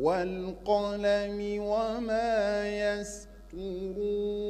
والقلم وما يسطرون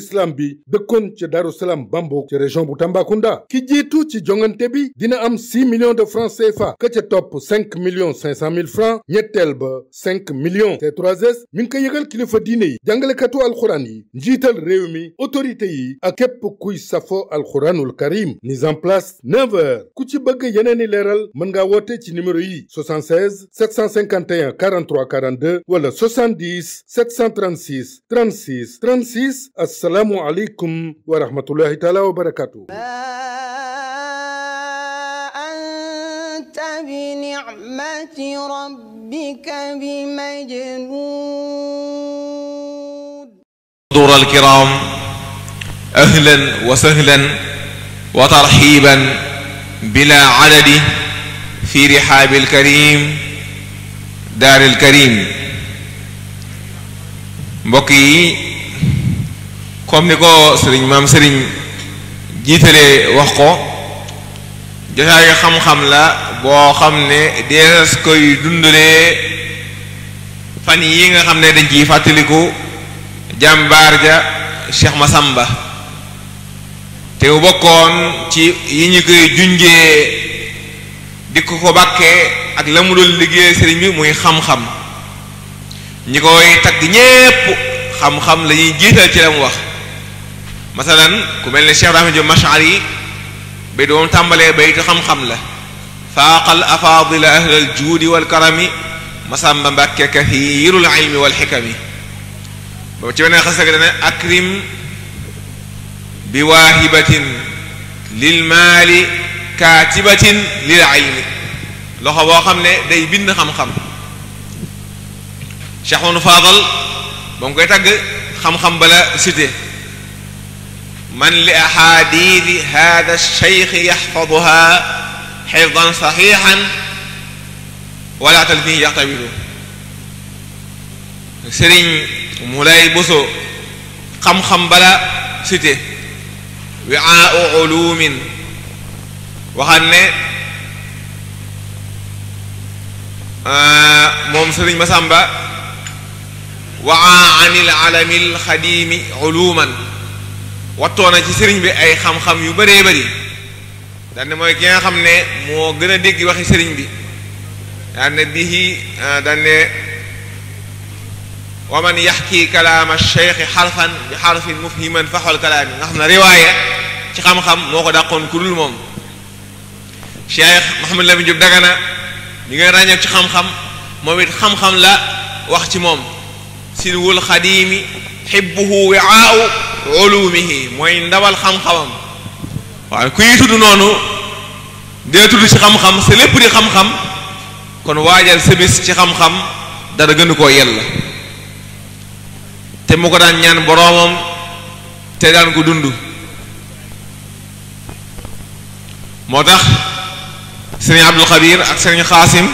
l'islam bi dëkkoon ca Daaru Salaam Bambouk ca région bu Tambacounda ki jiitu ci jongante bi dina am 6 million de francs CFA ka ca topp 5 millions 500 mille francs ñetteel ba 5 millions c 3 mi ngi ko yëgal kilifa diine yi jàngalekatu alxuraan yi njiital réew mi autorité yi ak képp kuy safo alxuraanul karim mise en place 9 ku ci bëgg yeneeni leeral mën ngaa woote ci numéro yi 76 751 43 42 wala 70 736 36 36 wassalaamu aleykum wa rahmatullahi taala wa barakaatu بنعمة ربك بمجنون حضور الكرام أهلا وسهلا وترحيبا بلا عدد في رحاب الكريم دار الكريم بقي comme ni ko sëriñ maam sëriñ jiitalee wax ko jotaayu xam-xam la boo xam ne dees koy dundalee fan yi nga xam ne dañ ciy fàttaliku jàmbaar ja Cheikh Massamba te bu bokkoon ci yi ñu koy junjee di ko ko bàkkee ak la mu doon liggéey sëriñ bi muy xam-xam ñi koy tagg ñépp xam-xam la jiital ci la mu wax masalan ku mel ne Cheikh Ibrahima Diop Mash'ari yi bay doom tàmbalee baytu xam-xam la faaqal afaadila ahlal juudi wal karami masamba mbàkke kathirul ilmi wal xikami ba ci beneen xasag dane akrim bi waahibatin lil maali kaatibatin lil ilmi loxo boo xam ne day bind xam-xam Cheikh Mouhamadou Fadal ba mu koy tàgg xam-xam bala cité man li axaadiisi hada alcheikh yaxfaduha xifdan saxixan wala talfihi yaxtawilu sëriñ mu lay boso xam-xam bala cité wiaau ulumin waxam ne moom sëriñ Masamba waa an ilalami alxadimi uluman wattoo na ci sëriñ bi ay xam-xam yu bëree bëri daan mooy ki nga xam ne moo gën a dégg waxi sëriñ bi daan ne bihi ah, daan ne wa man yaxki kalaama cheikhi xarfan bi xarfin mufhiman faxol kalaami nga xam ne riwaaya ci xam-xam moo ko dàqoon ku dul moom cheikh Mouhamed ngay ràññeeku ci xam-xam moom it xam-xam la wax ci moom silwul xadiimi xibbuhu wiaaw ulumihi mooy ndawal xam-xamam waaw ku ñuy tudd noonu dee tudd ci xam-xam sa lépp di xam-xam kon waajal sa bis ci xam-xam dara gënu koo yella te mu ko daan ñaan boroomam te daan ko dund moo tax sëriñ Abdul Xabir ak sëriñ Xaasim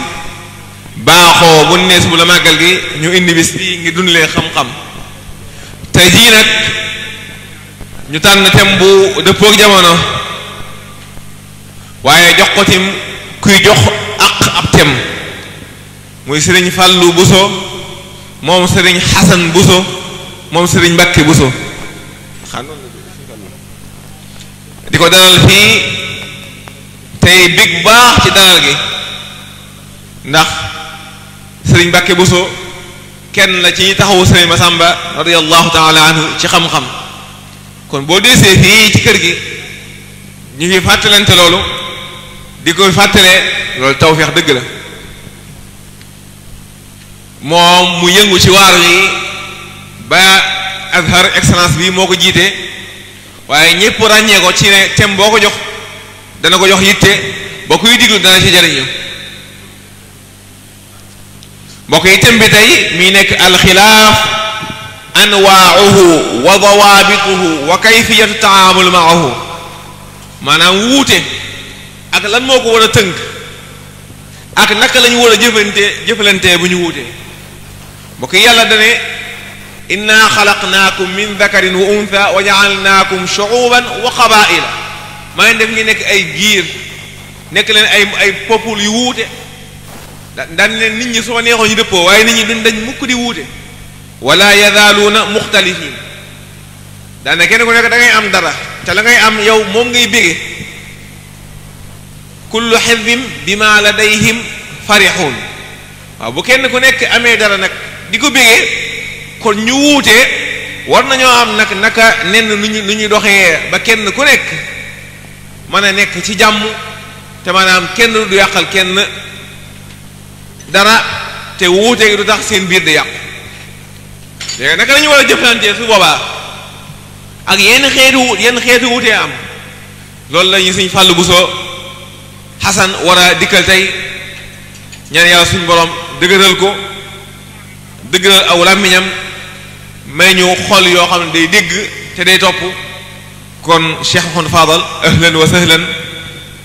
baaxoo bu nees bu la màggal gi ñu indi bis bii ngi dundalee xam-xam te jii nag ñu tànn thème bu dëppoo jamono waaye jox ko tim kuy jox ak ab thème muy sëriñ Fallou Bousso moom sëriñ Xasan Bousso moom sëriñ Mbàkke Bousso di ko dalal fii tey big baax ci dalal gi ndax sëriñ Mbàkke Bousso kenn la ci taxawu sëriñ Masamba radiyallahu taala anhu ci xam-xam kon boo deesee fii ci kër gi ñu ngi fàttalante loolu di ko fàttalee loolu tawfeex dëgg la moom mu yëngu ci waar yi ba azhar excellence bi moo ko jiite waaye ñépp ràññee ko ci ne thème boo ko jox dana ko jox yitte ba kuy diglu dana ci jariñu mbokk yi tem bi tey mi nekk alxilaaf anwaauhu wa dawaabituhu wa kayfiyatu taamul maahu maanaam wuute ak lan moo ko war a tënk ak naka lañu war a jëfante jëfalante bu ñu wuute mbokk yàlla dane inna xalaqnaakum min dakarin wa untha wa jaalnaakum shuuban wa qabaila maa ngi def ngi nekk ay giir nekk leen ay ay peuple yu wuute daan leen nit ñi soo neexoon ñu waaye nit ñi duñ dañ wuute wala yazaaluuna muxtalifiin daane kenn ku nekk da ngay am dara te la ngay am yow moom ngay bége kullu xizbin bima ladayhim farixuun waaw bu kenn ku nekk amee dara nag di ko bége kon ñu wuutee war nañoo am nag naka nenn nu ñu nu ñu doxee ba kenn ku nekk mën a nekk ci jàmm te maanaam kenn du yàqal kenn dara te wuute du tax seen biir di yàqu léegi naka la ñu war a jëflantee su boobaa ak yenn xeetu yenn xeetu wutee am loolu la suñ fàll bu soo xasan war a dikkal tey ñaan yàlla suñ borom dëgëral ko dëgëral aw làmmiñam may ñu xol yoo xam ne day dégg te day topp kon Cheikh Mouhamed Fadal ahlan wa sahlan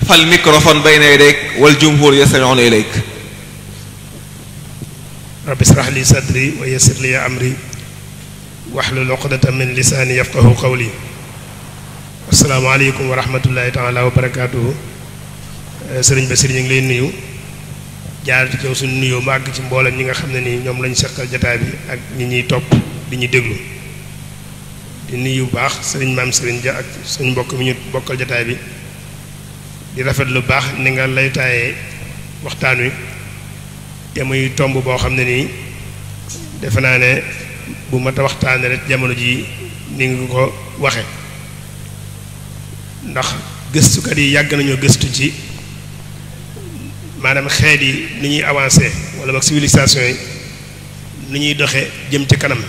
fal microphone bayna yadayk wal jumhur yastami'una ilayk rabbi israh li sadri wa yassir li amri waxlul uqdatan min lisaani yafqahu qawli asalaamaaleykum wa rahmatullahi taala wa barakaatuhu eh, sëriñ ba sëriñ ñu ngi lay nuyu jaar ci suñu nuyoo mu àgg ci mboolem ñi nga xam ne nii ñoom lañu seqal jataay bi ak ñi ñuy topp bi ñu déglu di nuyu baax sëriñ maam sëriñ ja ak suñu mbokk mi ñu bokkal jataay bi di rafet lu baax ni nga lay taayee waxtaan wi te muy tomb boo xam ne nii defe naa ne bu mat a waxtaane rek jamono ji ni nga ko waxe ndax gëstukat yi yàgg nañoo gëstu ci maanaam xeet yi ni ñuy avancé wala boog civilisation yi ni ñuy doxe jëm ci kanam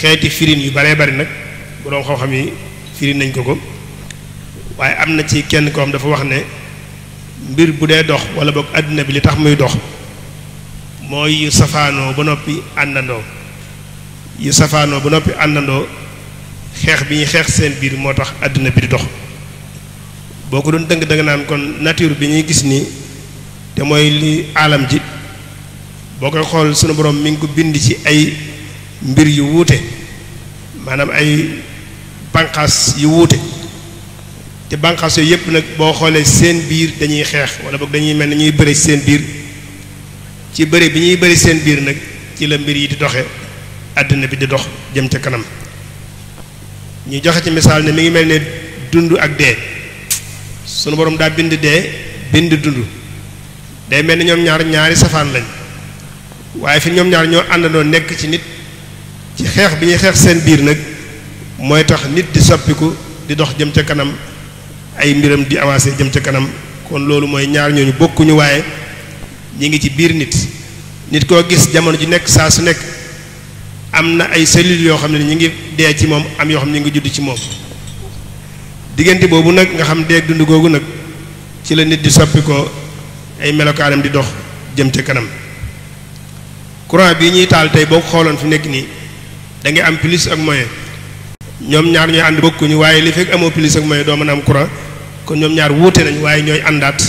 xeeti firin yu baree bari nag boroom xam-xam yi firin nañ ko ko waaye am na ci kenn ko dafa wax ne mbir bu dee dox wala boog àddina bi li tax muy dox mooy safaanoo ba noppi àndandoo yu safaanoo ba noppi àndandoo xeex bi ñuy xeex seen biir moo tax àddina bi di dox boo ko doon dëng danga naan kon nature bi ñuy gis nii te mooy li aalam ji boo koy xool sunu borom mi ngi ko bind ci ay mbir yu wuute maanaam ay banqaas yu wuute te banqaas yooyu yëpp nag boo xoolee seen biir dañuy xeex wala boog dañuy mel ni ñuy bëri seen biir ci bëri bi ñuy bëri seen biir nag ci la mbir yi di doxee àddina bi di dox jëm ca kanam ñu joxe ci misaal ne mi ngi mel ne dund ak dee sunu borom daa bind dee bind dund day mel ni ñoom ñaar ñaari safaan lañ waaye fi ñoom ñaar ñoo àndandoo nekk ci nit ci xeex bi ñuy xeex seen biir nag mooy tax nit di soppiku di dox jëm ca kanam ay mbiram di avancé jëm ca kanam kon loolu mooy ñaar ñooñu bokkuñu waaye ñi ngi ci biir nit nit koo gis jamono ji nekk saa su nekk am na ay cellules yoo xam ne ñu ngi dee ci moom am yoo xam ne ñu ngi judd ci moom diggante boobu nag nga xam dee dund googu nag ci la nit di soppi ko ay melokaanam di dox jëm ca kanam courant bii ñuy taal tey boo xooloon fi nekk nii da ngay am plus ak moyen ñoom ñaar ñooy ànd bokkuñu waaye li fekk amoo plus ak moyen doo mën a am courant kon ñoom ñaar wuute nañ waaye ñooy àndaat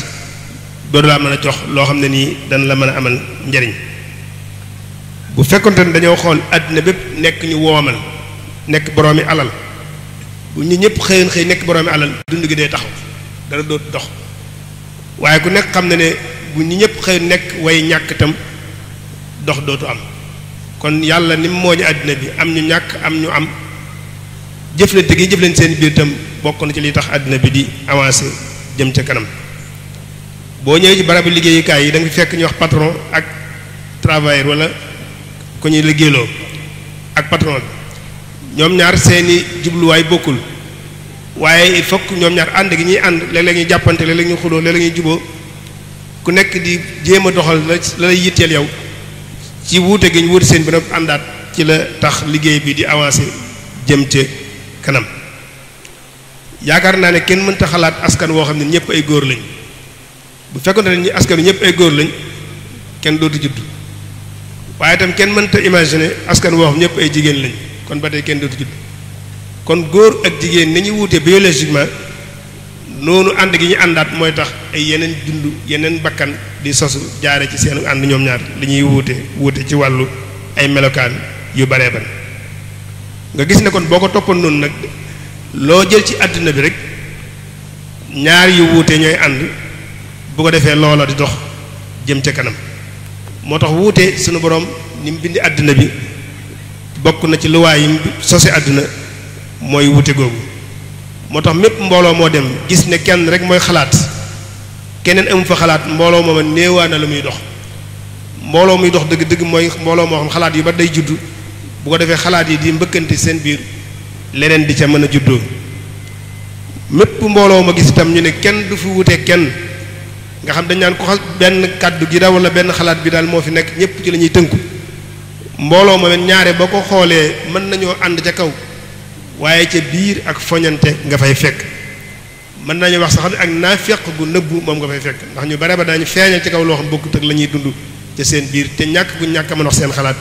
doo laa mën a jox loo xam ne nii dana la mën a amal njariñ bu fekkonte ne dañoo xool àddina bépp nekk ñu woomal nekk boroomi alal bu ñu ñëpp xëyoon xëy nekk boroomi alal dund gi day taxaw dara dootu dox waaye ku nekk xam na ne bu ñu ñëpp xëyoon nekk way ñàkk itam dox dootu am kon yàlla ni mu mooñu àddina bi am ñu ñàkk am ñu am jëflante gi jëflante seen biir itam bokk ci li tax àddina bi di avancé jëm ca kanam boo ñëwee ci barabu liggéeyukaay yi da nga fekk ñu wax patron ak travailleur wala. ku ñuy liggéeyloo ak patron bi ñoom ñaar seeni jubluwaay bokkul waaye il faut que ñoom ñaar ànd gi ñuy ànd léeg-léeg jàppante léeg-léeg ñu xuloo léeg-léeg juboo ku nekk di jéem a doxal la lay yitteel yow ci wuute gi ñu wuute seen bi nag àndaat ci la tax liggéey bi di avancé jëm ca kanam yaakaar naa ne kenn mënta xalaat askan woo xam ne ñëpp ay góor lañ bu fekkoon ne askan wi ñëpp ay góor lañ kenn dootu judd waaye itam kenn mënta imaginer askan woo xam ñëpp ay jigéen lañ kon ba tey kenn dootu judd kon góor ak jigéen ni ñu wuute biologiquement noonu ànd gi ñu àndaat mooy tax ay yeneen dund yeneen bakkan di sosu jaare ci seen ànd ñoom ñaar lañuy ñuy wuute wuute ci wàllu ay melokaan yu baree ban nga gis ne kon boo ko toppoon noonu nag loo jël ci àddina bi rek ñaar yu wuute ñooy ànd bu ko defee loola di dox jëm ca kanam moo tax wuute sunu boroom ni mu bindi àdduna bi bokk na ci luwaay yi mu sose àdduna mooy wuute googu moo tax mépp mbooloo moo dem gis ne kenn rek mooy xalaat keneen amu fa xalaat mbooloo moo néewaa na lu muy dox mbooloo muy dox dëgg-dëgg mooy mbooloo moo xam xalaat yi ba day juddu bu ko defee xalaat yi di mbëkkante seen biir leneen di ca mën a juddoo mépp mbooloo ma gis itam ñu ne kenn du fi wute kenn nga xam dañ naan ko xas benn kàddu gi daal wala benn xalaat bi daal moo fi nekk ñëpp ci la tënku mbooloo ma ñaare boo ko xoolee mën nañoo ànd ca kaw waaye ca biir ak foñante nga fay fekk mën nañu wax ne ak naafeq gu nëbbu moom nga fay fekk ndax ñu bare ba daañu feeñal ci kaw loo xam bokkut ak la ñuy dund ca seen biir te ñàkk gu ñàkk a mën wax seen xalaat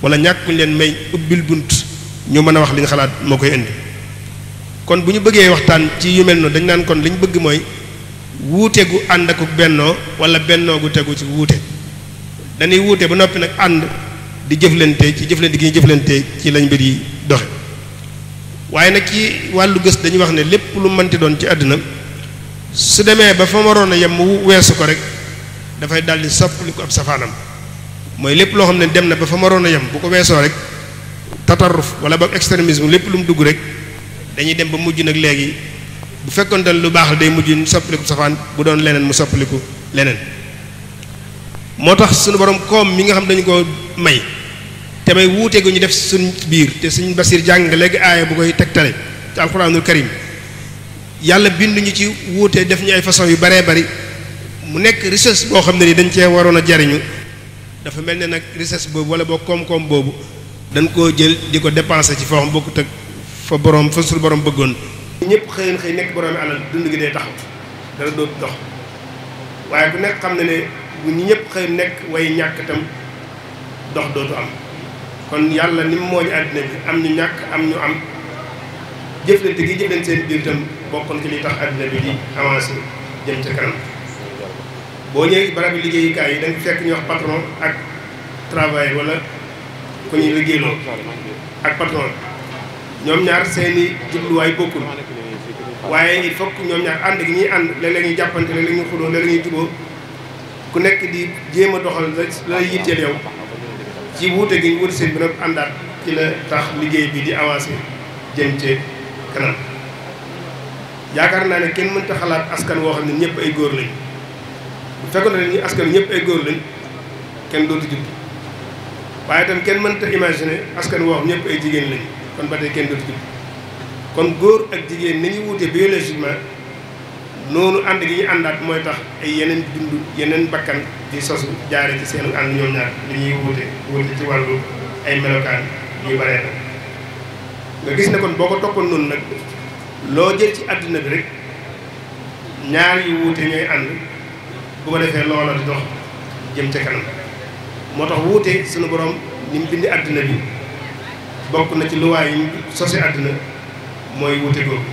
wala ñàkk guñ leen may ubbil bunt ñu mën a wax liñ xalaat moo koy indi kon bu ñu bëggee waxtaan ci yu mel noonu dañ naan kon li ñu bëgg mooy wuute gu ànd ak bennoo wala bennoo gu tegu ci wuute dañuy wuute ba noppi nag ànd di jëflante ci jëflante gi ñu jëflante ci lañ mbir yi doxe waaye nag ci wàllu gës dañuy wax ne lépp lu mënti doon ci àddina su demee ba fa waroon a yem mu weesu ko rek dafay daldi soppali ko ab safaanam mooy lépp loo xam ne dem na ba fa waroon a yem bu ko weesoo rek tatarruf wala ba extrémisme lépp lu mu dugg rek dañuy dem ba mujj nag léegi bu fekkoon lu baax la day mujj mu soppaliku safaan bu doon leneen mu soppaliku leneen moo tax suñu borom koom mi nga xam dañu ko may te may wuute gu ñu def suñ biir te suñ basir jàng léegi aaya bu koy tegtale ci alxuraanul karim yàlla binduñu ci wuutee def ñu ay façon yu baree bari mu nekk richesse boo xam ne ni dañ cee waroon a jariñu dafa mel ne nag richesse boobu wala boo koom-koom boobu dañ koo jël di ko dépenser ci foo xam bokkut ak fa borom fa suñu borom bëggoon ñëpp xëy na xëy nekk borom alal dund gi day taxaw dara dootu dox waaye bu nekk xam na ne bu ñu ñëpp xëy nekk way ñàkk itam dox dootu am kon yàlla ni mu mooñu àddina bi am ñu ñàkk am ñu am jëflante gi jëflante seen biir itam bokk na ci li tax àddina bi di avancé jëm ca kanam boo ñëwee barabi liggéeyukaay yi da nga fekk ñu wax patron ak travail wala ku ñuy liggéeyloo ak patron ñoom ñaar seeni jubluwaay bokkul waaye il faut ñoom ñaar ànd gi ñuy ànd léeg-léeg jàppante léeg-léeg ñuy xuloo léeg juboo ku nekk di jéem a doxal la lay yitteel yow ci wuute gi ñu wuute seen bi nag àndaat ci la tax liggéey bi di avancé jën ci kanam yaakaar naa ne kenn mënta xalaat askan woo xam ne ñëpp ay góor lañ bu fekkoon ne ñu askan ñëpp ay góor lañ kenn dootu judd waaye itam kenn mënta imaginer askan woo xam ñëpp ay jigéen lañ kon ba tey kenn dootu kon góor ak jigéen ni ñuy wuute biologiquement noonu ànd gi ñu àndaat mooy tax ay yeneen dund yeneen bakkan di sosu jaare ci seenu ànd ñoom ñaar li ñuy wuute wuute ci wàllu ay melokaan yu baree nga gis ne kon boo ko toppoon noonu nag loo jël ci àddina bi rek ñaar yu wuute ñooy ànd bu ko defee loola di dox jëm ca kanam moo tax wuute suñu borom ni mu àddina bi bokk na ci luwaay yi sosi àddina mooy wute googu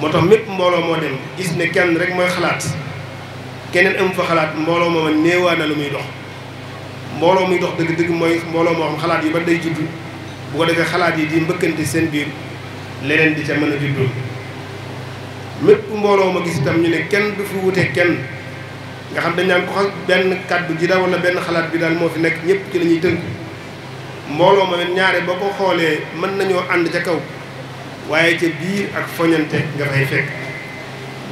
moo tax mépp mbooloo moo dem gis ne kenn rek mooy xalaat keneen am fa xalaat mbooloo mooma néewaa na muy dox mbooloo muy dox dëgg-dëgg mbooloo moo xam xalaat yi ba day juddu bu ko defee xalaat yi di mbëkkante seen biir leneen di ca mën a juddoo mépp mbooloo ma gis itam ñu ne kenn du fi wute kenn nga xam dañ naan ko xam benn kàddu ji daal wala benn xalaat bi daal moo fi nekk ñëpp ci la ñuy tënku mbooloo ma leen ñaare boo ko xoolee mën nañoo ànd ca kaw waaye ca biir ak foñante nga fay fekk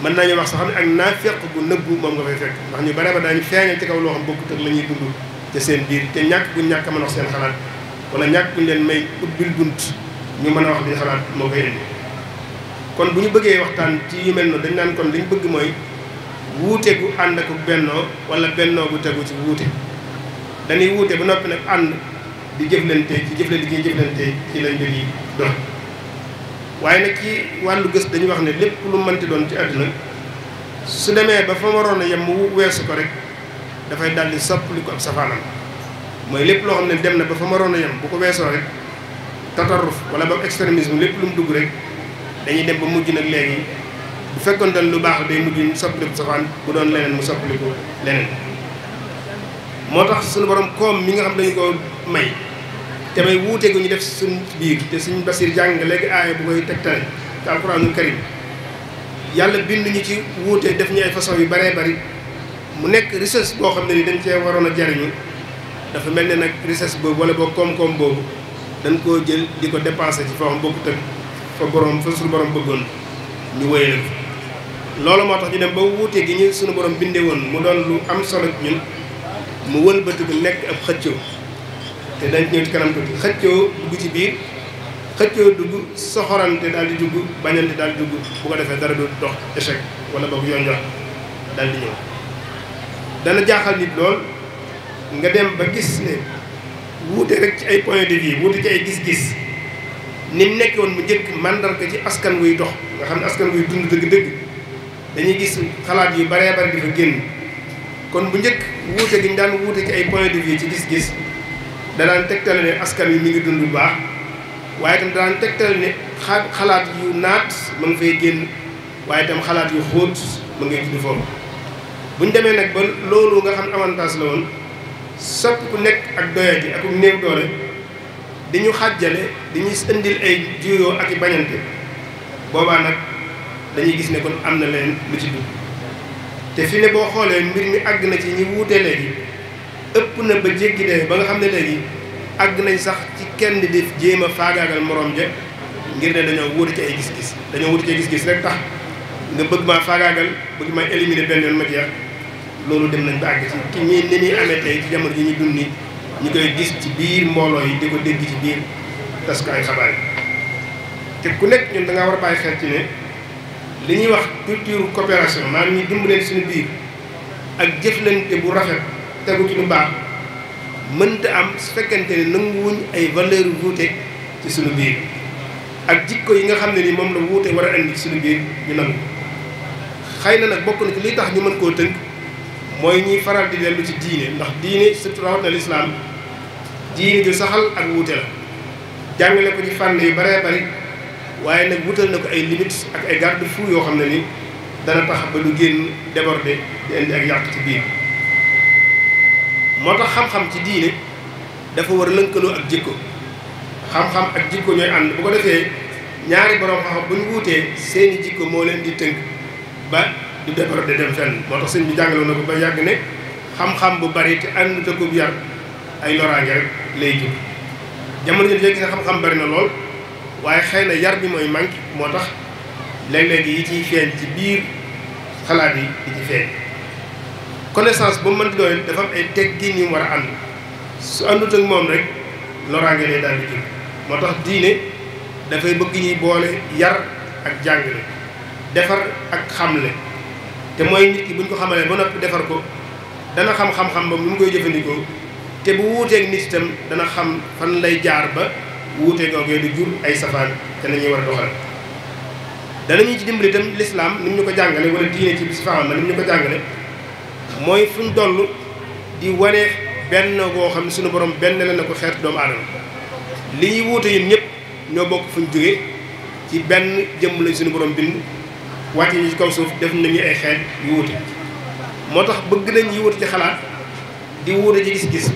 mën nañu wax sax ne ak naafeq bu nëbbu moom nga fay fekk ndax ñu bare ba daañu feeñal ci kaw loo xam bokkut ak la ñuy dund ca seen biir te ñàkk bu ñàkk a wax seen xalaat wala ñàkk bu leen may ubbil bunt ñu mën a wax li xalaat moo koy indi kon bu ñu bëggee waxtaan ci yu mel dañ naan kon li bëgg mooy wuute gu ànd ak bennoo wala bennoo gu tegu ci wuute dañuy wuute ba noppi nag ànd di jëflante ci jëflante gi jëflante ci la mbir yi doon waaye nag ci wàllu gës dañuy wax ne lépp lu mënti doon ci àdduna su demee ba fa waroon a yem mu weesu ko rek dafay daal di soppali ko ab safaanam mooy lépp loo xam ne dem na ba fa waroon a yem bu ko weesoo rek tatarruf wala ba extrémisme lépp lu mu dugg rek dañuy dem ba mujj nag léegi bu fekkoon dañ lu baax day mujj soppali ko safaan bu doon leneen mu soppali ko leneen. moo tax suñu borom koom mi nga xam dañu ko may te may wuute gu ñu def suñ biir te suñ basir jàng léegi aaya bu koy tegtale te alxuraanul karim yàlla bind ñu ci wuute def ñu ay façon baree bari mu nekk richesse boo xam ne ni dañ cee waroon a jariñu dafa mel ne nag richesse boobu wala boo koom-koom boobu dañ koo jël di ko dépensé ci foo xam bokkut ak fa borom fa suñu borom bëggoon ñu wéyal ko loolu moo tax ñu dem ba wuute gi ñu suñu borom bindee woon mu doon lu am solo ñun mu bu nekk ab xëccoo te dañ ñëw ci kanam tuuti xëccoo dugg ci biir xëccoo dugg soxorante daal di dugg bañante daal di dugg bu defee dara du dox échec wala boog yoon yoon daal di ñëw dana jaaxal nit lool nga dem ba gis ne wuute rek ci ay point de vue wuute ci ay gis-gis ni nekkoon nekk mu njëkk màndarga ci askan wuy dox nga xam ne askan wuy dund dëgg-dëgg dañuy gis xalaat yi baree bari di fa génn kon bu njëkk wuute gi ñu daan wuute ci ay point de vue ci gis-gis danaan tegtal ne askan yi mi ngi dund bu baax waaye itam daan tegtal ne xalaat yu naat ma nga fay génn waaye itam xalaat yu xóot ma ngay judd foofu bu ñu demee nag ba loolu nga xam avantage la woon sopp ku nekk ak doya ji ak néew doole di ñu xàjjale di ñuy indil ay juyoo ak i bañante boobaa nag dañuy gis ne kon am na leen lu ci dugg te fi ne boo xoolee mbir mi àgg na ci ñi wuute léegi ëpp na ba jéggi de ba nga xam ne léegi àgg nañ sax ci kenn di jéem a faagaagal moroom ja ngir ne dañoo wuute ci ay gis-gis dañoo wuute ci gis-gis rek tax nga bëgg maa faagaagal bëgg maa éliminer benn yoon ma jeex loolu dem nañ ba àgg ci ki ñi ni ñuy amee tey ci jamono yi ñu dund ñu koy gis ci biir mbooloo yi di ko dégg ci biir tas ko ay xabaar yi te ku nekk ñoom da ngaa war a bàyyi xel ci ne. li ñuy wax culture coopération maanaam ñu dimbaleen suñu biir ak jëflante bu rafet tegu ci lu baax mënta am su fekkente ne nanguwuñ ay valeur wuute ci suñu biir ak jikko yi nga xam ne ni moom la wuute war a indi ci suñu biir ñu nangu xëy na nag bokk na ci li tax ñu mën koo tënk mooy ñuy faral di dellu ci diine ndax diine surtout rawatina lislaam diine ju saxal ak wuute la jàngale ko ci fànn yu baree bari waaye nag wutal na ko ay limites ak ay garde fou yoo xam ne ni dana tax ba lu génn débordé di indi ak moo tax xam-xam ci diine dafa war a lënkaloo ak jikko xam ak jikko ñooy ànd bu ko ñaari borom xam ñu wuutee seeni jikko moo leen di tënk ba du débordé dem fenn moo tax sëñ bi jàngaloon na ko ba yàgg ne xam-xam bu bari te ànd te ko bu yar ay loraange rek lay jur jamono ji fekk xam-xam bari na lool. waaye xëy na yar bi mooy manqué moo tax léeg-léeg yi ciy feeñ ci biir xalaat yi di ci feeñ connaissance ba mën doon dafa am ay teggin yu war a ànd su àndut ak moom rek loraange lay daal di jóg moo tax diine dafay bëgg ñuy boole yar ak jàngale defar ak xamle te mooy nit ki bu ñu ko xamalee ba noppi defar ko dana xam xam-xam ba mu koy jëfandikoo te bu wuuteeg nit itam dana xam fan lay jaar ba wuute googee du jur ay safaan te nañuy war a doxal danañu ci dimbali itam lislaam ni ñu ko jàngale wala diine ci sifaama ni mu ñu ko jàngale mooy fu ñu toll di wane benn koo xam ne suñu borom benn la na ko xeet doomu aadama li ñuy wuute yéen ñëpp ñoo bokk fu ñu jógee ci benn jëmm lañ suñu boroom bind wàcce ñu ci kaw suuf def nañu ay xeet yu wuute moo tax bëgg nañ yi wuute ci xalaat di wuute ci gis-gis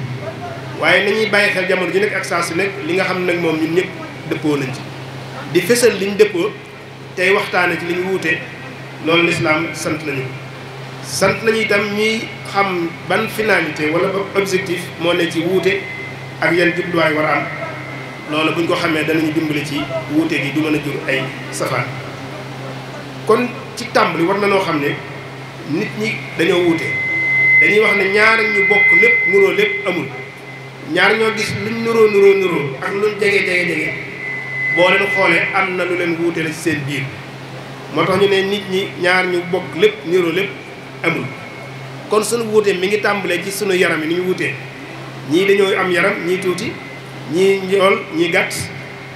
waaye nañuy bàyyi xel jamono ji nekk ak saa si nekk li nga xam nag moom ñun ñëpp dëppoo nañ ci di fësal liñ dëppoo tey waxtaane ci liñ ñu wuute loolu lislaam sant nañu sant nañu itam ñuy xam ban finalité wala objectif moo ne ci wuute ak yan jubluwaay war a am loolu buñ ko xamee danañu dimbali ci wuute bi du mën a jur ay safaan kon ci tàmbali war na noo xam ne nit ñi dañoo wuute dañuy wax ne ñaar ñu bokk lépp nuroo lépp amul ñaar ñoo gis luñ nuroo nuroo nuroo ak luñ jege jege jege boo leen xoolee am na lu leen wuutale ci seen biir moo tax ñu ne nit ñi ñaar ñu bokk lépp nuroo lépp amul kon suñu wuutee mi ngi tàmbalee ci sunu yaram yi ni ñu wuutee ñii dañoo am yaram ñii tuuti ñii njool ñii gàtt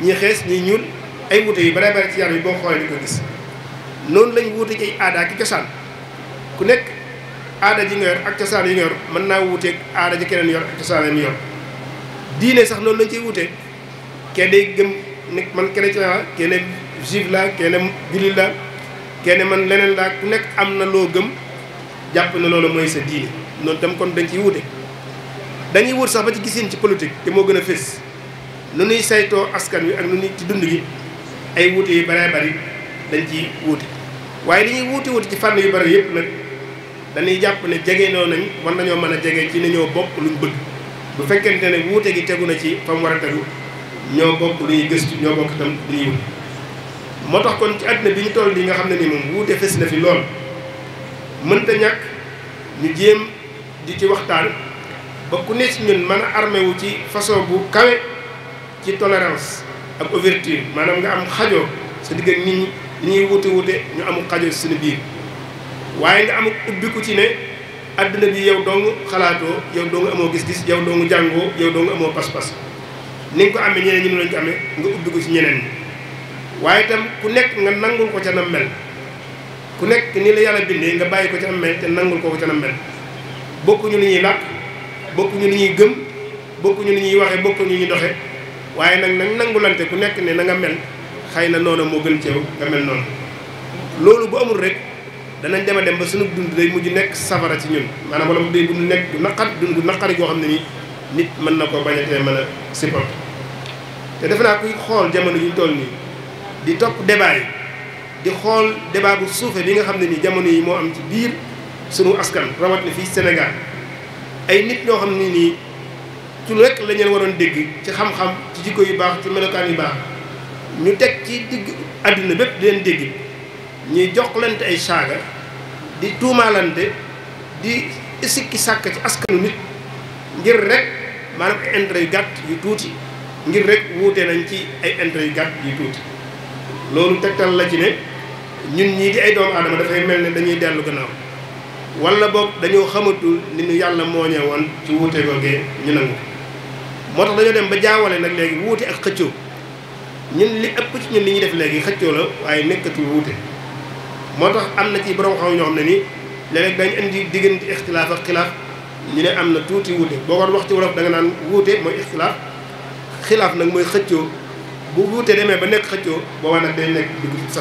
ñii xees ñii ñuul ay wuute yu bare bare ci yaram yi boo xoolee di ko gis noonu lañ wuute ci ay aada ki cosaan ku nekk aada ji nga yor ak cosaan yi nga yor mën naa wuutee aada ji keneen yor ak diine sax noonu lañ ciy wute kenn day gëm ne man chrétien laa kenn juif laa kenn jullit laa kenn man leneen laa ku nekk am na loo gëm jàpp na loolu mooy sa diine noonu tam kon dañ ciy wute dañuy wut sax ba ci gisin ci politique te moo gën a fés nu nuy saytoo askan wi ak nu nuy ci dund gi ay wuute yu bëree bëri dañ ciy wuute waaye li ñuy wuute wuute ci fànn yu bëri yëpp nag dañuy jàpp ne jege noo nañ war nañoo mën a jege ci nañoo bokk luñ bëgg bu fekkente ne wuute gi tegu na ci fa mu war a tegu ñoo bokk lu ñuy ci ñoo bokk itam lu ñuy wut moo tax kon ci àddina bi ñu toll li nga xam ne ni moom wuute fës na fi lool mënta ñàkk ñu jéem di ci waxtaan ba ku ne ci ñun mën a armé wu ci façon bu kawe ci tolérance ak ouverture maanaam nga am xajoo sa digg ak nit ñuy wuute wuute ñu amul xajoo ci suñu biir waaye nga amul ubbiku ci ne. àdduna bi yow dong xalaatoo yow dong amoo gis-gis yow dong jàngoo yow dong amoo pas-pas ni ko amee ñeneen ñi mu amee nga ubbi ko ci ñeneen ñi waaye ku nekk nga nangul ko ca ku nekk ni la yàlla bindee nga bàyyi ko ca nam mel te nangul ko ca bokkuñu li ñuy làkk bokkuñu li ñuy gëm bokkuñu li ñuy waxee bokkuñu ñu doxe waaye nag nag nangulante ku nekk ne na nga mel xëy na noonu moo gën ci yow nga mel loolu bu amul rek. danañ dem dem ba sunu dund day mujj nekk safara ci ñun maanaam wala mu day dund nekk bu naqar dund bu naqari goo xam ne nii nit mën na koo bañ a tee mën a support te defe naa kuy xool jamono yi tool nii di topp débat di xool débat bu suufe bi nga xam ne nii jamono yi moo am ci biir sunu askan rawat na fii Sénégal ay nit ñoo xam ne nii ci rek la ñu waroon dégg ci xam-xam ci jikko yu baax ci melokaan yu baax ñu teg ci digg àdduna bépp di leen dégg. ñuy joxlante ay saaga di tuumaalante di sikki sàkk ci askanu nit ngir rek maanaam ay intérêt yu gàtt yu tuuti ngir rek wuute nañ ci ay intérêt yu gàtt yu tuuti loolu tegtal la ci ne ñun ñii di ay doomu aadama dafay mel ne dañuy dellu gannaaw wala boog dañoo xamatul ni ñu yàlla mooñee woon ci wuute googee ñu nangu moo tax dañoo dem ba jaawale nag léegi wuute ak xëccoo ñun li ëpp ci ñun li ñuy def léegi xëccoo la waaye nekkatul wuute moo tax am na ci borom xam ñoo xam ne nii léeg dañ indi diggante ixtilaaf ak xilaaf ñu ne am na tuuti wuute boo ko wax ci wolof da nga naan wuute mooy ixtilaaf xilaaf nag mooy xëccoo bu wuute demee ba nekk xëccoo boobaa nag day nekk dugg ci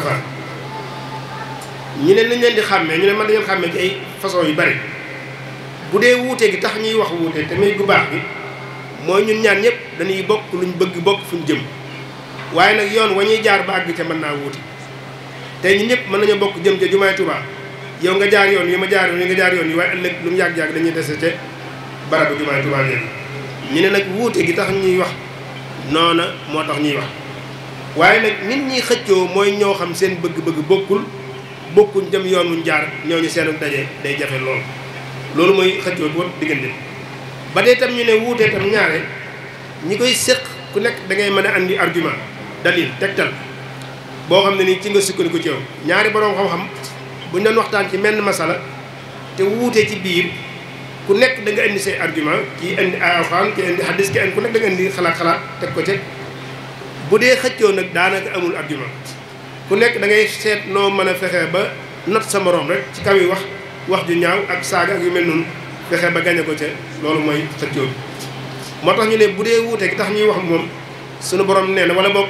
ñu ne liñ leen di xàmmee ñu ne man dañu xàmmee ci ay façon yu bari bu dee wuute gi tax ñuy wax wuute te muy gu baax bi mooy ñun ñaan ñëpp dañuy bokk luñ bëgg bokk fu ñu jëm waaye nag yoon wa ñuy jaar ba àgg ca mën naa wuute tey ñi ñëpp mën nañoo bokk jëm ca jumaay Tuubaa yow nga jaar yoon yi ma jaar yoon yi nga jaar yoon yu waaye ëllëg lu mu yàgg-yàgg dañuy dese ca barabu jumaay Tuubaa yooyu ñu ne nag wuute gi tax ñuy wax noona moo tax ñuy wax waaye nag nit ñi xëccoo mooy ñoo xam seen bëgg-bëgg bokkul bokkuñ jëm yoon wuñ jaar ñooñu seenu daje day jafe lool loolu mooy xëccoo bu diggante ba dee tam ñu ne wuutee tam ñaare ñi koy séq ku nekk da ngay mën a andi argument dalil tegtal boo xam ne nii ci nga sukkandiku ci yow ñaari boroom xam-xam buñ doon waxtaan ci menn masala te wuutee ci biir ku nekk da nga indi say argument kii indi alxuraan kii indi hadis kii indi ku nekk da nga indi xalaat xalaat teg ko ci bu dee xëccoo nag daanaka amul argument ku nekk da ngay seet noo mën a fexee ba nat sa moroom rek ci kaw yi wax wax ju ñaaw ak saaga ak yu mel noonu fexe ba gañe ko ca loolu mooy xëccoo bi moo tax ñu ne bu dee wuute gi ñuy wax moom sunu borom nee na wala boog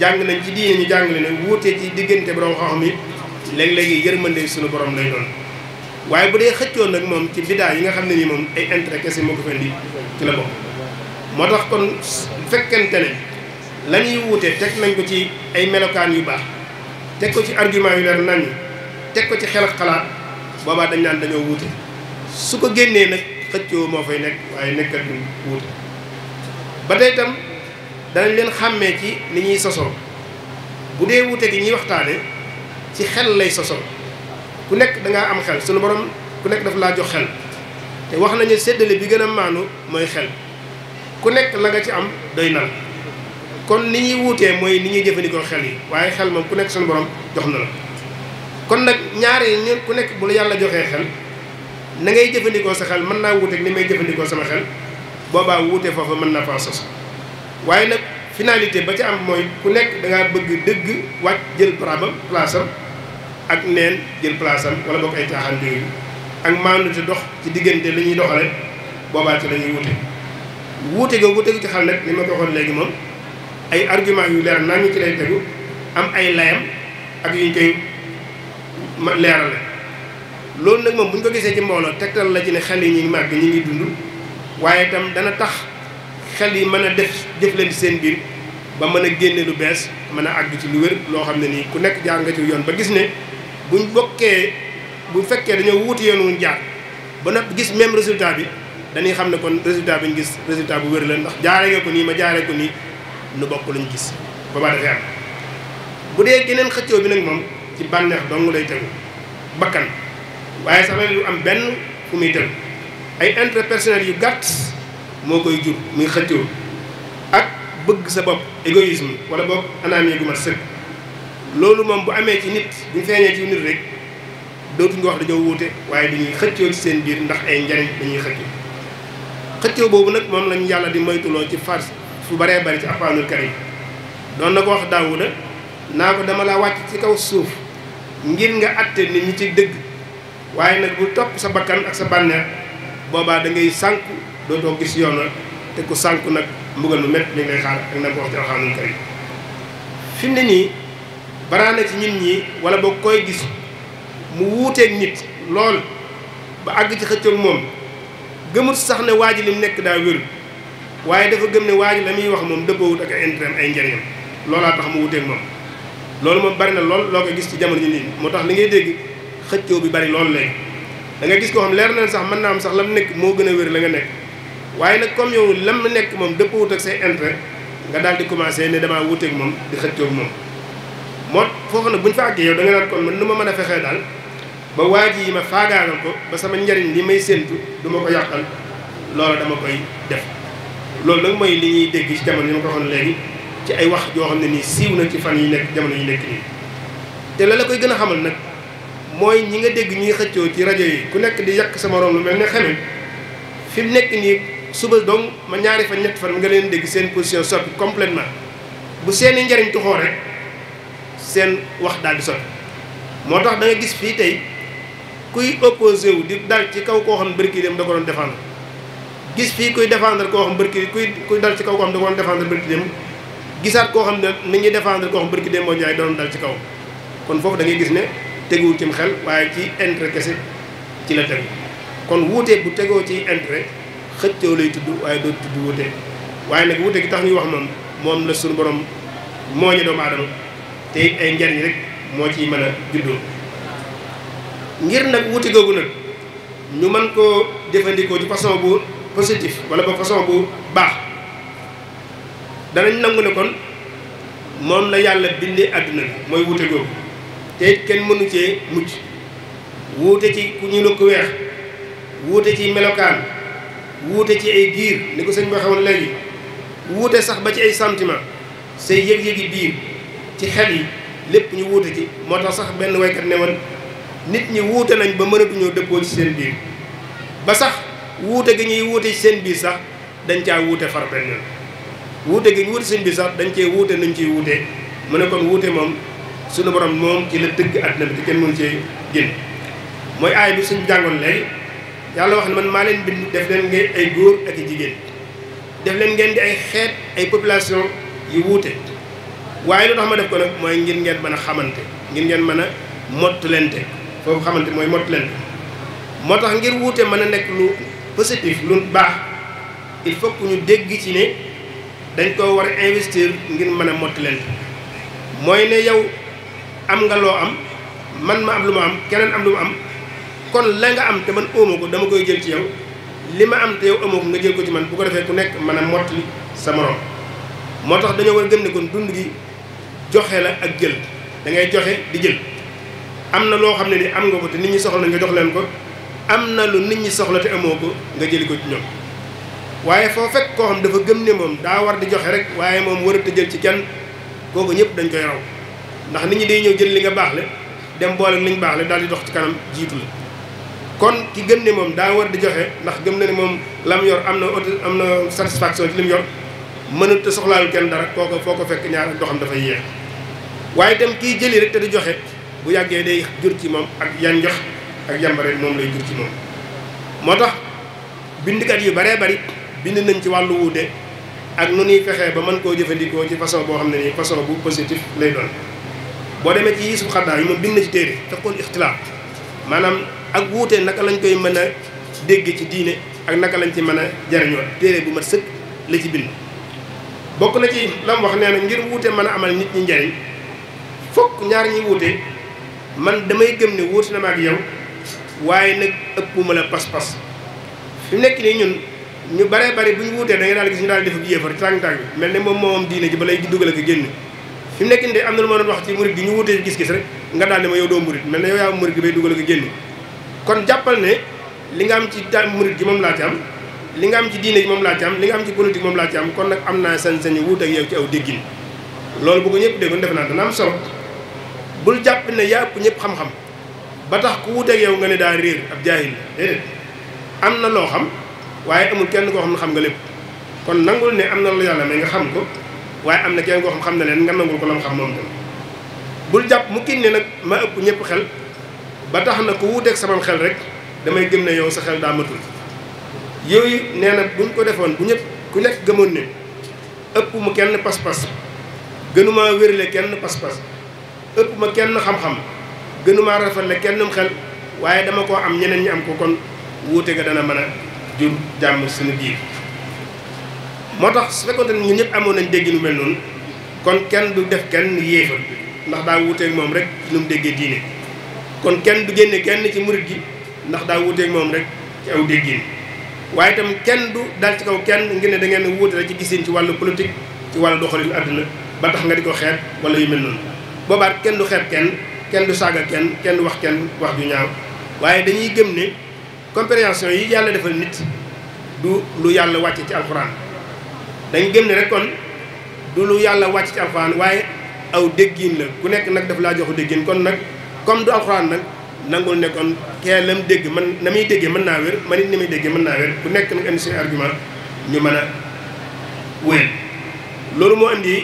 jàng nañ ci diine ñu jàngale ne wuutee ci diggante borom xam-xam yi léeg-léegi yërmande suñu boroom lay doon waaye bu dee xëccoon nag moom ci bidaa yi nga xam ne nii moom ay intérêt kese moo ko fendi ci la bokk moo tax kon fekkente ne la ñuy wuute teg nañ ko ci ay melokaan yu baax teg ko ci argument yu leer nañ teg ko ci xel xalaat boobaa dañ naan dañoo wuute su ko génnee nag xëccoo moo fay nekk waaye nekkat du wuute ba danañ leen xàmmee ci li ñuy sosoo bu dee wuute gi ñuy waxtaane ci xel lay sosoo ku nekk da ngaa am xel suñu borom ku nekk dafa laa jox xel te wax nañu seddale bi gën a maanu mooy xel ku nekk la nga ci am doy na kon ni ñuy wuutee mooy ni ñuy jëfandikoo xel yi waaye xel moom ku nekk sunu borom jox na la kon nag ñaare ñu ku nekk bu la yàlla joxee xel na ngay jëfandikoo sa xel mën naa wuuteeg ni may jëfandikoo sama xel boobaa wuute foofu mën naa faa sos waaye nag finalité ba ca am mooy ku nekk da bëgg dëgg wàcc jël parabam place ak neen jël place am wala boo koy caaxaan yooyu ak maandu te dox ci diggante la ñuy doxale boobaa ci la ñuy wute wuute go wuute ci xal nag li ma ko waxoon léegi moom ay argument yu leer naa ñu ci lay tegu am ay layam ak yu ñu koy leerale loolu nag moom bu ñu ko gisee ci mbooloo tegtal la ci ne xel yi ñu màgg ñu ngi dund waaye itam dana tax xel yi mën a def jëflante seen biir ba mën a génne lu bees mën a àgg ci lu wér loo xam ne nii ku nekk jaar nga ci yoon ba gis ne buñ bokkee bu fekkee dañoo wuute yoon wuñ jaar ba noppi gis même résultat bi dañuy xam ne kon résultat bi ñu gis résultat bu wér la ndax jaaree nga ko nii ma jaaree ko nii nu bokk luñ gis ba ba am bu dee geneen xëccoo bi nag moom ci bànneex dong lay tegu bakkan waaye sax yu am benn fu muy tegu ay intérêt personnel yu gàtt moo koy jur muy xëccoo ak bëgg sa bopp égoïsme wala bopp anaamee gu mat sëkk loolu moom bu amee ci nit bu feeñee ci nit rek dootuñu wax dañoo wuute waaye dañuy xëccoo ci seen biir ndax ay njariñ dañuy xëccoo xëccoo boobu nag moom lañu yàlla di moytuloo ci far fu baree bari ci afaanul karim doon na ko wax daawuda naa ko dama la wàcc ci kaw suuf ngir nga àtte nit ñi ci dëgg waaye nag bu topp sa bakkan ak sa bànneex boobaa da ngay sànku dootoo gis yoon nag te ku sànku nag mbugal mu métti mi ngi lay xaar ak na ko wax ci alxaanul karim fi mu ne nii baraana ci nit ñi wala ba koy gis mu wuuteeg nit lool ba àgg ci xëccoog moom gëmut sax ne waa ji li mu nekk daa wéru waaye dafa gën ne waa ji la muy wax moom dëppoowut ak ay intérêt ay njëriñam loolaa tax mu wuuteeg moom loolu moom bari na lool loo ko gis ci jamono ji nii moo tax li ngay dégg xëccoo bi bari loolu léegi da nga gis koo xam leer na sax mën naa am sax la nekk moo gën a wér la nekk waaye nag comme yow lam nekk moom dëppawut ak say intérêt nga daal di commencé ne damaa wuuteeg moom di xëccoog moom moo foofu nag buñ fa àggee yow da nga naan kon man nu ma mën a fexee daal ba waa ji yi ma faagaagal ko ba sama njariñ li may séentu du ma ko yàqal loola dama koy def loolu nag mooy li ñuy dégg ci jamono yi ma ko waxoon léegi ci ay wax joo xam ne nii siiw na ci fan yi nekk jamono yi nekk nii te la la koy gën a xamal nag mooy ñi nga dégg ñuy xëccoo ci rajo yi ku nekk di yàq sama morom lu mel ne xamee fi mu nekk nii suba donc ma ñaari fan ñett fan nga leen dégg seen position soppi complètement bu seeni njariñ tuxoo rek seen wax daal di soppi moo tax danga gis fii tey kuy opposé wu di dal ci kaw koo xam ne bërki dem da doon défendre gis fii kuy défendre koo xam bërki kuy kuy dal ci kaw koo xam da ko doon défendre dem gisaat koo xam ne ni ñuy défendre koo xam bërki dem moo dal ci kaw kon foofu da gis ne teguwul cim xel waaye ci intérêt kese ci la tegu kon wuutee bu tegoo ci intérêt xëccoo lay tudd waaye doo tudd wute waaye nag wute gi tax ñuy wax moom moom la suñu borom moo ñu doomu aadama te ay njariñ rek moo ci mën a juddoo ngir nag wute googu nag ñu mën koo jëfandikoo ci façon bu positif wala ba façon bu baax danañ nangu ne kon moom la yàlla bind àdduna bi mooy wuute googu te kenn mënu cee mucc wuute ci ku ñuul ak weex wuute ci melokaan wuute ci ay giir ni ko sëñ bi waxee woon léegi wuute sax ba ci ay santiment say yëg-yëgi biir ci xel yi lépp ñu wuute ci moo tax sax benn waykat ne woon nit ñi wuute nañ ba mënatuñoo dëppoo ci seen biir ba sax wuute gi ñuy wuute ci seen biir sax dañ caa wuute far benn wuute gi ñu wuute seen biir sax dañ cee wuute nuñ ciy wuute mu ne kon wuute moom suñu borom moom ci la tëgg àddina bi te kenn mënu cee génn mooy aay bi suñ jàngoon léegi yàlla wax na man maa leen bind def leen ngeen ay góor ak jigéen def leen ngeen di ay xeet ay population yu wuute waaye lu tax ma def ko nag mooy ngir ngeen mën a xamante ngir ngeen mën a mottulente foofu xamante mooy mottulente moo tax ngir wuute mën a nekk lu positif lu baax il faut que ñu dégg ci ne dañ ko war a investir ngir mën a mottulente mooy ne yow am nga loo am man ma am lu ma am keneen am lu ma am kon la nga am te man óoma ko dama koy jël ci yow li ma am te yow amoo ko nga jël ko ci man bu ko defee ku nekk mën a mottali sa morom moo tax dañoo war a gëm ne kon dund gi joxe la ak jël dangay joxe di jël am na loo xam ne ni am nga ko te nit ñi soxla nga jox leen ko am na lu nit ñi soxla te amoo ko nga jëli ko ci ñoom waaye foo fekk koo xam dafa gën ne moom daa war di joxe rek waaye moom warut a jël ci kenn kooku ñëpp dañ koy raw ndax nit ñi day ñëw jël li nga baax le dem boole liñ baax le daal di dox ci kanam jiitu la kon ki gëm ne moom daa war di joxe ndax gëm na ne moom lam yor am na auto am na satisfaction ci lim yor mënut te soxlaal kenn dara koo ko foo ko fekk ñaar doxam dafay yéex waaye itam kii jëli rek te di joxe bu yàggee day jur ci moom ak yan jox ak yambare moom lay jur ci moom. moo tax kat yu baree bari bind nañ ci wàllu wuute ak nu ñuy fexee ba man koo jëfandikoo ci façon boo xam ne nii façon bu positif lay doon boo demee ci Yuusuf Xaddaa yi moom bind na ci téere te xool ixtilaaf maanaam. ak wuutee naka lañ koy mën a dégg ci diine ak naka lañ ci mën a jariñoo téere bu mat sëkk la ci bind bokk na ci lam wax nee na ngir wuute mën a amal nit ñi njariñ fokk ñaar ñi wuute man damay gëm ne wuute na ak yow waaye nag ëppuma la pas-pas fi mu nekk nii ñun ñu baree bari bu ñu wuutee da nga daal gis ñu daal def ak yéefar tàng-tàng mel ne moom moomam diine ji ba lay dugal ak génn fi mu nekk nii de am na lu ma doon wax ci murit gi ñu wuutee gis-gis rek nga daal ne ma yow kon jàppal ne li nga am ci da murit gi moom laa ci am li nga am ci diine gi moom laa ci am li nga am ci politique moom laa ci am kon nag am naa sañ-sañu wuut ak yow ci aw déggin loolu bu ñëpp déggoon defe dana am solo bul jàpp ne yaa ñëpp xam-xam ba yow nga ne daa réer ab jaahil déedéet na loo xam waaye amul kenn koo xam ne xam nga lépp kon nangul ne am na lu yàlla mais nga xam ko waaye am na kenn koo xam xam ne leen nga nangul ko lam xam moom tam bul jàpp mu kin ne nag ma ëpp ñëpp xel ba tax na ku wuuteeg sama xel rek damay gëm ne yow sa xel daa matul yooyu nee na buñ ko defoon bu ñëpp ku nekk gëmoon ne ëpp ma kenn pas-pas gënumaa wérle kenn pas-pas ëpp ma kenn xam-xam gënumaa kenn mu xel waaye dama koo am ñeneen ñi am ko kon wuute ga dana mën a jur jàmm suñu biir moo tax su fekkoonte ne ñëpp amoon nañ dégg lu mel noonu kon kenn du def kenn yéefal ndax daa wuuteeg moom rek nu mu déggee diine kon kenn du génne kenn ci murit gi ndax daa wuuteeg moom rek ci aw déggin waaye itam kenn du dal ci kaw kenn ngir ne da ngeen wuute rek ci gisin ci wàllu politique ci wàllu doxalin àdduna ba tax nga di ko xeet wala yu mel noonu boobaat kenn du xeet kenn kenn du saaga kenn kenn du wax kenn wax ju ñaaw waaye dañuy gëm ne compréhension yi yàlla defal nit du lu yàlla wàcc ci alxuraan dañ gëm ne rek kon du lu yàlla wàcc ci alxuraan waaye aw déggin la ku nekk nag daf laa joxu déggin kon nag comme du alxuraan nag nangul ne kon kee la dégg man na muy déggee mën naa wér man it ni muy déggee mën naa wér ku nekk nag indi seen argument ñu mën a wéer loolu moo indi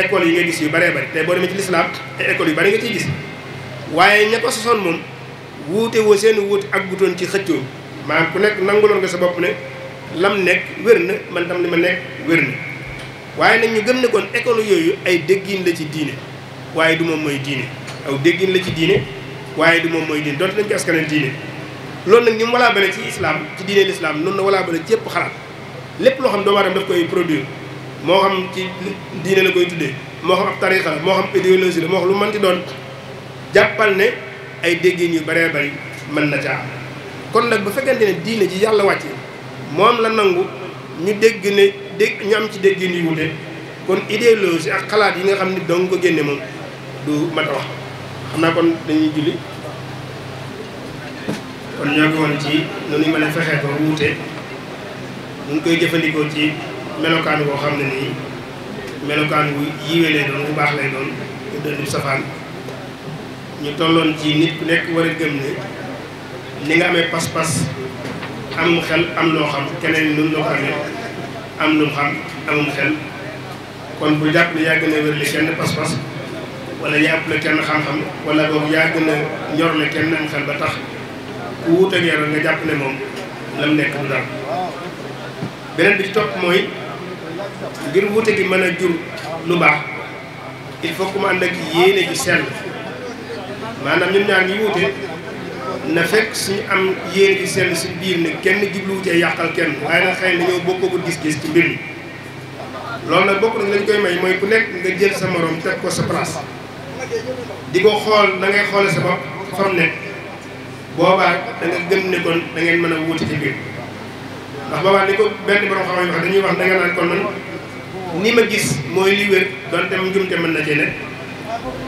école yi nga gis yu bëree bëri tey boo demee ci lislaam ay école yu bëri nga ciy gis waaye ña ko sosoon moom wuute woo seen wuut ak gutoon ci xëccoo maa ku nekk nanguloon nga sa bopp ne lam nekk wér na man tam li ma nekk wér na waaye nag ñu gëm nekkoon école yooyu ay déggiin la ci diine waaye du moom mooy diine aw déggin la ci diine waaye du moom mooy diine donte nañ ko askanal diine loolu nag ni mu walaabale ci islaam ci diine l'islam noonu la walaabale ci yëpp xalaat lépp loo xam doomu aadama daf koy produire moo xam ci diine la koy tuddee moo xam ab tarixa la moo xam idéologie la moo xam lu mënti doon jàppal ne ay déggin yu baree bari mën na caa kon nag bu fekkente ne diine ji yàlla wàcce moom la nangu ñu dégg ne dégg ñu am ci déggin yu wute kon idéologie ak xalaat yi nga xam ni dong génne moom du wax xam naa kon dañuy julli kon ñoo ngi woon ci nu mel mën fexee ko wuute ñu ngi koy jëfandikoo ci melokaan boo xam ne nii melokaan wu yiwee lay bu baax lay doon ñu doon safaan ñu tolloon ci nit ku nekk war a gëm ne ni nga amee pas-pas am xel am loo xam keneen nun loo xamee am lu xam amum xel kon bu jàpp ne yàgg na wér li kenn pas-pas walla yàpp la kenn xam-xam wala boobu yaa gën a ñor le kenn am xel ba tax ku wuuteeg yàlla nga jàpp ne moom lam nekk du dara beneen bi ci topp mooy ngir wuute gi mën a jur lu baax il faut que mu ànd ak yéene ji sell maanaam ñun ñaar ñi wuute na fekk suñu am yéene ji sell si biir ne kenn jubluwu ci yàqal kenn waaye nag xëy na dañoo bokkoo gis-gis ci mbir mi loolu nag bokk nag lañ koy may mooy ku nekk nga jël sa morom teg ko sa place di ko xool da ngay xoole sa bopp fam nekk boobaa da nga da ngeen mën a wuute ci biir ndax boobaa ni ko benn borom xam-xam wax dañuy wax da nga naan kon man ni ma gis mooy li wér donte mu njumte mën na cee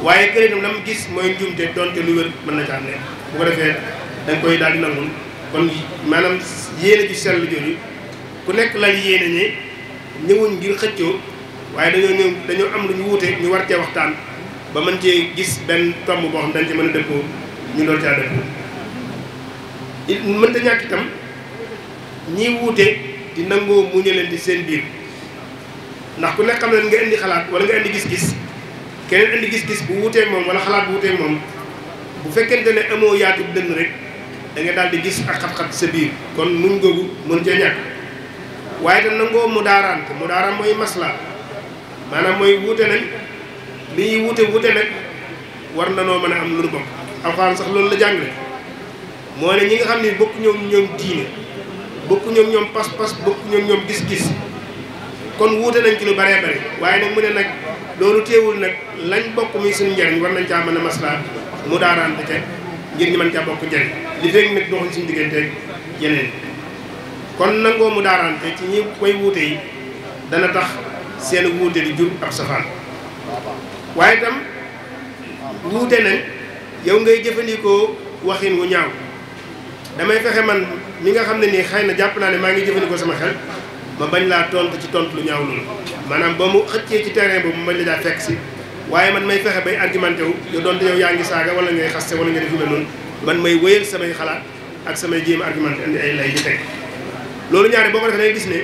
waaye kële itam la gis mooy njumte donte lu wér mën na caa nekk bu ko defee da nga koy daal di nangul kon maanaam yéene ju sell yi ku nekk la yéene ñi ñëwuñ ngir xëccoo waaye dañoo dañoo am lu ñu wuute ñu war cee waxtaan ba mën cee gis benn tomb boo xam dañ cee mën a dëppoo ñu doon caa dëppoo it mënta ñàkk itam ñiy wuute di nangoo mu ñu leen di seen biir ndax ku nekk xam ne nga indi xalaat wala nga indi gis-gis keneen indi gis-gis bu wuutee moom wala xalaat bu wuutee moom bu fekkente ne amoo yaatu dënn rek da daal di gis ak xat-xat kon muñ googu mën cee ñàkk waaye itam nangoo mu daaraante mu daaraan mooy maslaa maanaam mooy wuute nañ li ñuy wute wute nag war na noo mën a am lu nu bokk alxuraan sax loolu la jàngale moo ne ñi nga xam ne bokk ñoom ñoom diine bokk ñoom ñoom pas-pas bokk ñoom ñoom gis-gis kon wuute nañ ci lu baree bare waaye nag mu ne nag loolu teewul nag lañ bokk muy suñu njariñ war nañ caa mën a maslaa mu daaraan te ngir ñu mën caa bokk njariñ li fekk nag doxuñ suñu digganteeg yeneen kon nangoo mu daaraante ci ñi koy wuute yi dana tax seen wuute di jur ab safaan waaye tam wuute nañ yow ngay jëfandikoo waxin wu ñaaw damay fexe man mi nga xam ne nii xëy na jàpp naa ne maa ngi jëfandikoo sama xel ma bañ laa tontu ci tontu lu ñaaw loolu maanaam ba mu xëccee ci terrain boobu ma bañ la daa fekk si waaye man may fexe bay argumenté wu yow doonte yow yaa ngi saaga wala ngay xaste wala nga def lu mel man may wéyal samay xalaat ak samay jéem argumenté andi ay lay di loolu ñaare boo ko defee day gis ne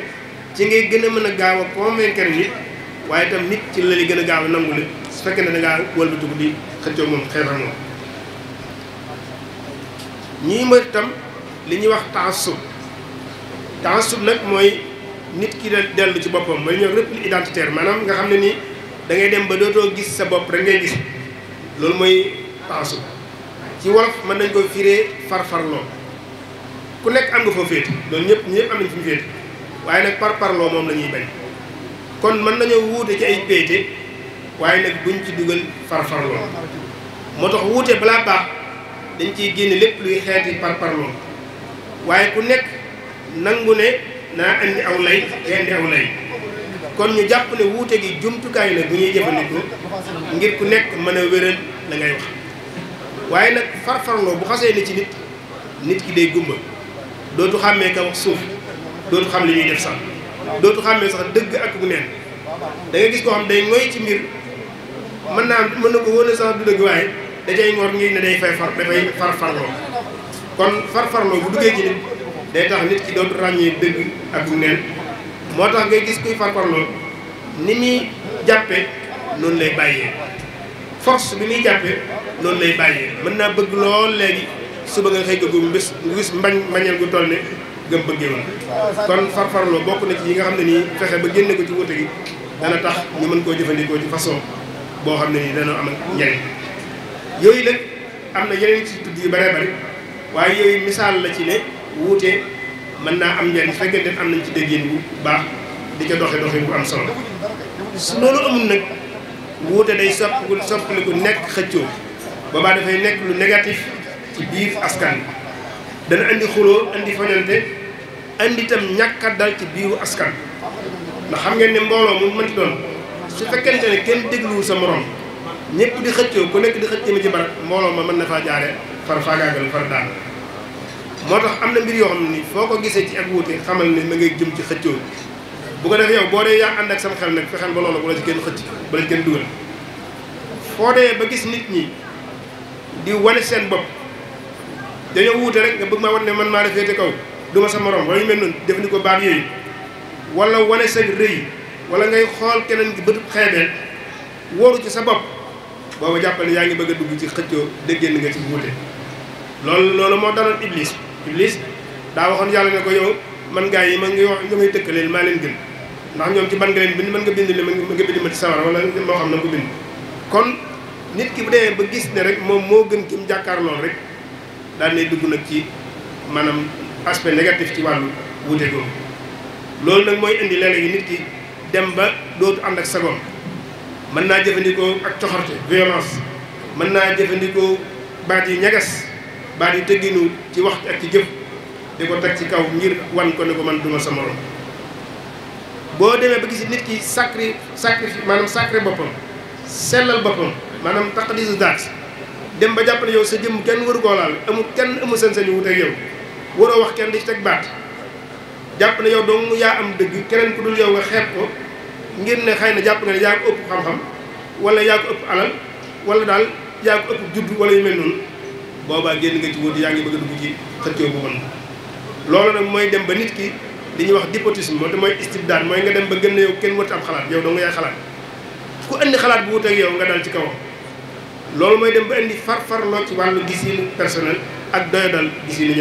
ci ngay gën a mën a gaawa a convaincre nit waaye itam nit ci la li gën a gaaw nangu li su fekkee ne da ngaa wëlbatiku di xëccoo moom xeex ak moom ñii mooy itam li ñuy wax taassub taassub nag mooy nit ki dellu ci boppam mooy ñëw repli identitaire maanaam nga xam ne nii dangay ngay dem ba dootoo gis sa bopp rek ngay gis loolu mooy taassub ci wolof mën nañ ko firee farfarloo ku nekk am nga foo féete loolu ñëpp ñëpp am nañ fi mu féete waaye nag parparloo moom la ñuy bañ kon mën nañoo wuute ci ay péete waaye nag buñ ci dugal farfarloo moo tax wuute balaa baax dañ ciy génne lépp luy xeeti parparloo waaye ku nekk nangu ne naa andi aw lay te andi aw lay kon ñu jàpp ne wuute gi jumtukaay la bu ñuy jëfandikoo ngir ku nekk mën a wéral la wax waaye nag farfarloo bu xasee ni ci nit nit ki day gumba dootu xàmmee ka wax suuf dootu xam li ñuy def sax dootu xàmmee sax dëgg ak bu neen da gis ko xam day ngoy ci mbir mën naa mën na ko wóone sax du dëgg waaye da cay ngor ngir ne day fay far dafay far farloo kon far farloo bu duggee ci nit day tax nit ki dootu ràññee dëgg ak bu neen moo tax ngay gis kuy far farloo ni muy jàppe noonu lay bàyyee force bi muy jàppe noonu lay bàyyee mën naa bëgg lool léegi suba nga xëy ko gu mbés gis mbañ mbañeel gu toll ne gëm bëggee woon kon farfarloo bokk na ci yi xam ne nii fexe ba génne ko ci wute gi tax ñu koo jëfandikoo ci façon boo xam ne nii dana am njariñ yooyu nag am na yeneen ci tudd yu bare bari waaye yooyu la ci ne wuute mën naa am njariñ fekkee def am nañ ci déggin bu baax di ca doxe doxe bu am solo su loolu amul nag wuute day soppiku soppiliku nekk xëccoo boobaa dafay nekk lu négatif ci biir askan dana andi xuloo andi fañante indi itam ñàkk a dal ci biiru askan ndax xam ngeen ne mbooloo mu mënti doon su fekkente ne kenn dégluwul sa moroom ñëpp di xëccoo ku nekk di xëccoo ma ci barab mbooloo ma mën na faa jaare far faagaagal far daan moo tax am na mbir yoo xam ne ni foo ko gisee ci ak wuute xamal ne ma ngay jëm ci xëccoo bu ko defee yow boo dee yaa ànd ak sama xel nag fexeel ba loolu bu la ci kenn xëcc bu la ci kenn dugal foo dee ba gis nit ñi di wane seen bopp dañoo wuute rek nga bëgg maa wan ne man maa la féete kaw du ma sa morom wala ñu mel noonu def ni ko baat yooyu wala wane sa rëy wala ngay xool keneen gi bëtub xeebeel wóoru ci sa bopp booba jàppal yaa ngi bëgg a dugg ci xëccoo déggéen nga ci bu wuute loolu loolu moo daloon iblis iblis daa waxoon yàlla ne ko yow man gaa yi ma ngi wax nga may tëkkaleel maa leen gën ndax ñoom ci ban nga leen bind mën nga bind li mën nga bind ma ci sawara wala moo xam na ko bind kon nit ki bu demee ba gis ne rek moom moo gën ki mu jàkkaar lool rek daal ne dugg nag ci maanaam aspect négatif ci wàllu wuute googu loolu nag mooy indi léeg-léegi nit ki dem ba dootu ànd ak sagoom mën naa jëfandikoo ak coxorte violence mën naa jëfandikoo baat yi ñagas baat yi tëgginu ci waxtu ak ci jëf di ko teg ci kaw ngir wan ko ne ko man duma sa morom boo demee ba gis nit ki sacré sacré maanaam sacré boppam sellal boppam maanaam taqdisu daat dem ba jàpp yow sa jëmm kenn waru koo laal amul kenn amul seen sañ wuute ak yow waroo wax kenn di ci teg baat jàpp na yow dong yaa am dëgg keneen ku dul yow nga xeet ko ngir ne xëy na jàpp nga ne yaa ko ëpp xam-xam wala yaa ko ëpp alal wala daal yaa ko ëpp judd wala yu mel noonu boobaa génn nga ci wóor yaa ngi bëgg a dugg ci xëccoo bu mën loolu nag mooy dem ba nit ki li ñuy wax dipotisme moo te mooy istibdaad mooy nga dem ba gën ne yow kenn warta am xalaat yow dong yaay xalaat ku indi xalaat bu wut ak yow nga dal ci kaw loolu mooy dem ba indi farfarloo ci wàllu gis yi ak doya dal gis yi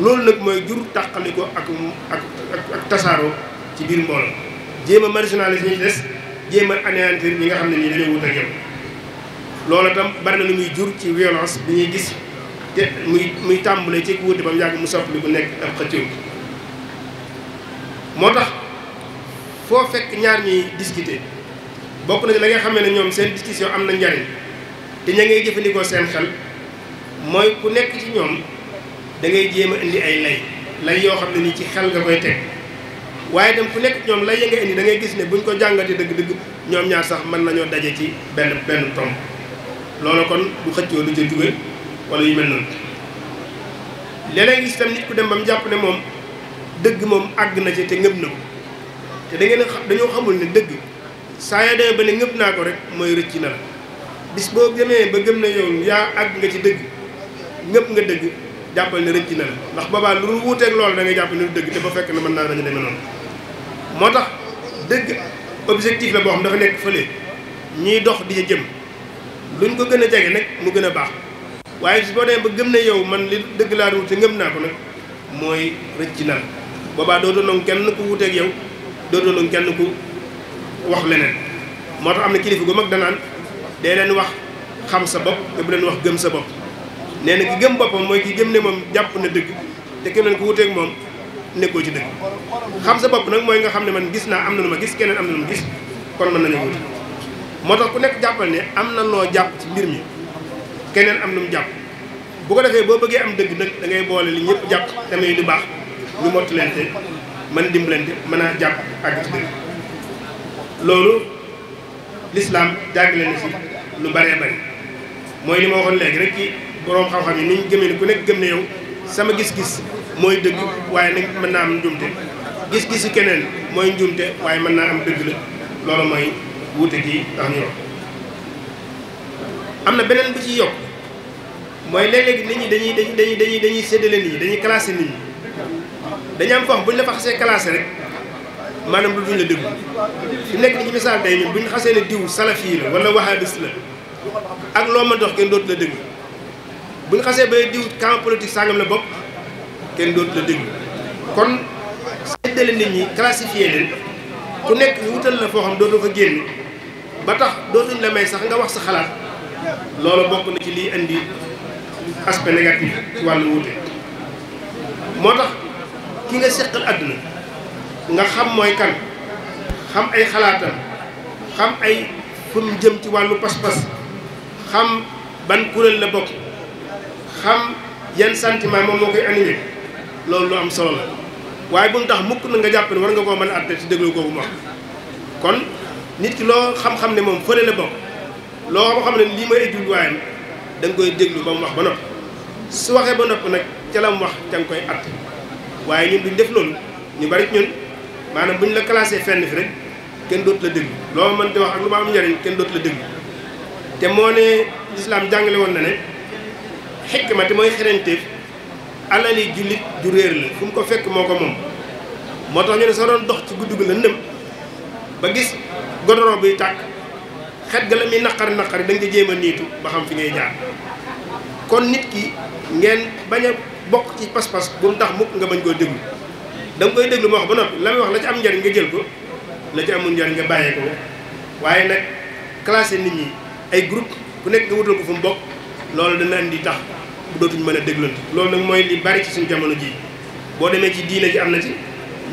loolu nag mooy jur tàqaliko ak ak ak tasaaroo ci biir mbooloo jéem a marginaliser ñi ci des jéem a anéantir ñi nga xam ne nii dañoo wut ak yow tam bari na lu muy jur ci violence bi ñuy gis te muy muy tàmbule ci wuute ba mu yàgg mu sopp li bu nekk ak xëccoo moo tax foo fekk ñaar ñuy discuter bokk na la nga xamee ne ñoom seen discussion am na njariñ te ña ngay jëfandikoo seen xel mooy ku nekk ci ñoom dangay ngay a indi ay lay lay yoo xam ne nii ci xel nga koy teg waaye dem ku nekk ñoom lay ya nga indi da ngay gis ne buñ ko jàngatee dëgg-dëgg ñoom ñaar sax mën nañoo daje ci benn benn tomb loolu kon du xëccoo du ca jóge wala yu mel noonu léeg-léeg gis tam nit ku dem ba mu jàpp ne moom dëgg moom àgg na ci te ngëb na ko te da ngeen dañoo xamul ne dëgg saa yoo demee ba ne ngëb naa ko rek mooy rëcci na la bis boo demee ba gëm ne yow yaa àgg nga ci dëgg ngëb nga dëgg jàppal ne rëcc na la ndax boobaa lu wuuteeg loolu da ngay jàpp ne lu dëgg te ba fekk na mën naa bañ a demee noonu moo tax dëgg objectif la boo xam dafa nekk fële ñuy dox di jëm luñ ko gën a jege nag mu gën a baax waaye si boo demee ba gëm ne yow man li dëgg laa wut te ngëm naa ko nag mooy rëcc na la boobaa dootoo nangu kenn ku wuuteeg yow dootoo nangu kenn ku wax leneen moo tax am na kilifa gu mag danaan dee leen wax xam sa bopp te bu leen wax gëm sa bopp nee na ki gëm boppam mooy ki jëm ne moom jàpp na dëgg te keneen ku wuteeg moom nekkoo ci dëgg xam sa bopp nag mooy nga xam ne man gis naa am na lu ma gis keneen am na lu ma gis kon mën nañu wuti moo tax ku nekk jàppale ne am na loo jàpp ci mbir mi keneen am lu mu jàpp bu ko defee boo bëggee am dëgg nag dangay boole li yépp jàpp tamit lu baax ñu mottulente leen dimbalante mën a jàpp àgg ci dëgg loolu lislaam jàngale na si lu bëree bëri mooy li léegi rek boroom xam-xam yi ñu gëmee ni ku nekk gëm ne sama gis-gis mooy dëgg waaye nag mën naa am njuumte gis-gisu keneen mooy njuumte waaye mën naa am dëgg la loolu mooy wuute gi tax am na beneen bu ci yokk mooy léeg-léeg nit ñi dañuy dañuy dañuy dañuy séddale nit dañuy classé nit ñi dañu am foofu bu ñu la xasee classé rek maanaam du duñ la déglu fi nekk ni ci misaal day ñun bu ñu xasee ne diw salaf yi la wala wahabis la ak loo ma dox kenn dootu la déglu bu ñu xasee ba diw camp politique sàngam la bopp kenn dootu la déglu kon seddale nit ñi classifié leen ku nekk wutal la foo xam dootoo fa génn ba tax dootuñ la may sax nga wax sa xalaat loolu bokk na ci liy indi aspect négatif ci wàllu wuute moo tax ki nga seqal àdduna nga xam mooy kan xam ay xalaatam xam ay fu jëm ci wàllu pas-pas xam ban kuréel la bokk xam yan sentiment moom moo koy animé loolu lu am solo la waaye bu mu tax mukk na nga jàpp ne war nga koo mën a àtte ci déglu googu mu kon nit ki loo xam-xam ne moom fële la bokk loo xam ne lii may ay jubluwaayam da koy déglu ba mu wax ba noppi su ba noppi nag ca la mu wax da koy àtte waaye ñun duñ def loolu ñu bari ñun maanaam bu ñu la classé fenn fi rek kenn dootu la déglu loo mën di wax ak lu ma am njariñ kenn dootu la déglu te moo ne lislaam jàngale woon na ne. xikma te mooy xeranteef alali jullit ju réer la fu mu ko fekk moo ko moom moo tax ñu ne soo doon dox ci guddi gu lëndëm ba gis godoro buy tàkk xet ga la muy naqari naqari da nga jéem a niitu ba xam fi ngay jaar kon nit ki ngeen bañ a bokk ci pas-pas bu mu tax mukk nga bañ koo déglu da koy déglu ma wax ba noppi la muy wax la ci am njariñ nga jël ko la ci amul njariñ nga bàyyee ko waaye nag classé nit ñi ay groupe ku nekk nga wutal ko fu mu bokk loolu dana indi tax dootuñ mën a déglante loolu nag mooy lii bari ci suñ jamono jii boo demee ci diine ji am na ci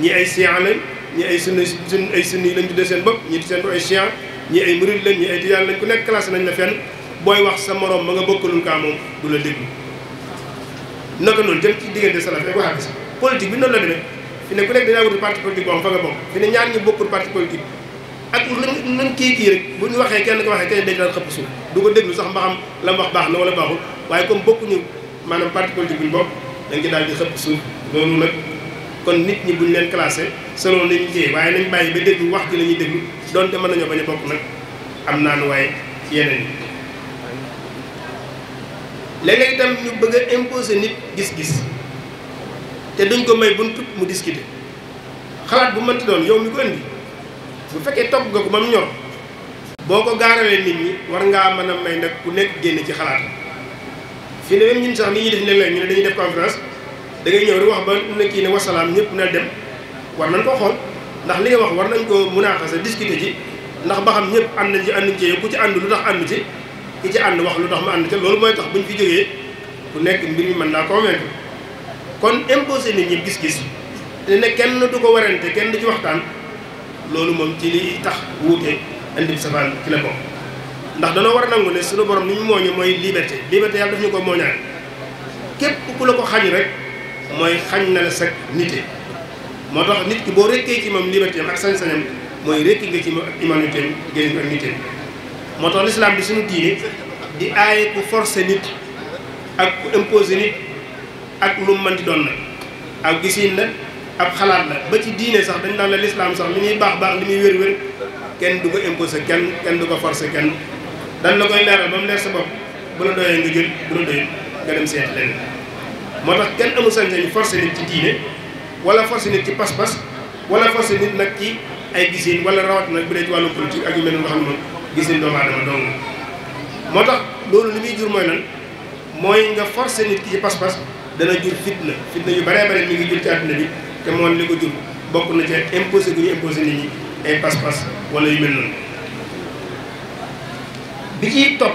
ñi ay siyan lañ ñi ay sunni sun ay sunni lañ tuddee seen bopp ñi seen bopp ay siyan ñi lañ ñi ay tijaan lañ ku nekk classé nañ la fenn booy wax sa moroom ma nga bokkalul kaa moom du la déglu naka noonu jëm ci diggante salaf ak waxaat si politique bi noonu la demee fi ne ku nekk dañaa wuti parti politique boo fa nga bokk fi ne ñaar ñu bokkul parti politique ak nañ nañ kii kii rek bu ñu waxee kenn ko waxee kenn dañ daan xëpp suuf du ko sax mba xam la mu wax baax na wala baaxul waaye comme bokkuñu maanaam parti politique buñ bokk dañ ci daal di xëpp suuf loolu nag kon nit ñi buñ leen classé selon li ñu téye waaye nañ bàyyi ba déglu wax ji la ñuy déglu donte mën nañoo bañ a bokk nag am naanu waaye yeneen yi léeg itam ñu bëgg a imposer nit gis-gis te duñ ko may buñ tut mu discuter xalaat bu mënti doon yow mi ko indi bu fekkee topp nga ko ba mu ñor boo ko gaaralee nit ñi war ngaa mën a may nag ku nekk génn ci xalaat fii ne même ñun sax li ñuy def ne léeg ñu ne dañuy def conférence da ñëw rek wax ba na kii ne wasalaam ñëpp na dem war nañ ko xool ndax li nga wax war nañ ko munaaxasa discuter ci ndax ba xam ñëpp ànd nañ ci ànd ci ku ci ànd lu tax ànd ci ki ci ànd wax lu tax mu ànd ci loolu mooy tax ñu fi jógee ku nekk mbir mi mën naa convaincre kon imposé nit ñi gis-gis te ne kenn du ko warante kenn du ci waxtaan loolu moom ci li tax wuute indi safaan ci la bokk ndax danoo war a nangu ne suñu borom ni ñu mooñu mooy liberté liberté yàlla daf ñu ko mooñaat képp ku la ko xañ rek mooy xañ na la sa nite moo tax nit ki boo rekkee ci moom liberté am ak sañ-sañam mooy rekki nga ci moom ak humanité am génn ak nite moo tax lislaam bi suñu diine di aaye ku forcer nit ak ku nit ak lu mu mënti doon na ak gisiin la ak xalaat la ba ci diine sax dañ naan la lislaam sax li muy baax baax li muy wér-wér kenn du ko imposer kenn kenn du ko forcer kenn dan la koy leeral ba mu leer sa bopp bu la doyee nga bu la doyee nga dem seet lenn moo tax kenn amul sañ-sañu nit ci diine wala forcé nit ci pas-pas wala forcé nit nag ci ay gisin wala rawat nag bu dee ci wàllu politique ak yu mel nga xam ne moom gisin doomu moo tax loolu li muy jur mooy lan mooy nga forcé nit ki ci pas-pas dana jur fitna fitna yu baree bare mi ngi jur ci àdduna bi te moom li ko jur bokk na ci imposé gu ñu imposé nit ñi ay pas-pas wala yu mel noonu bi ci topp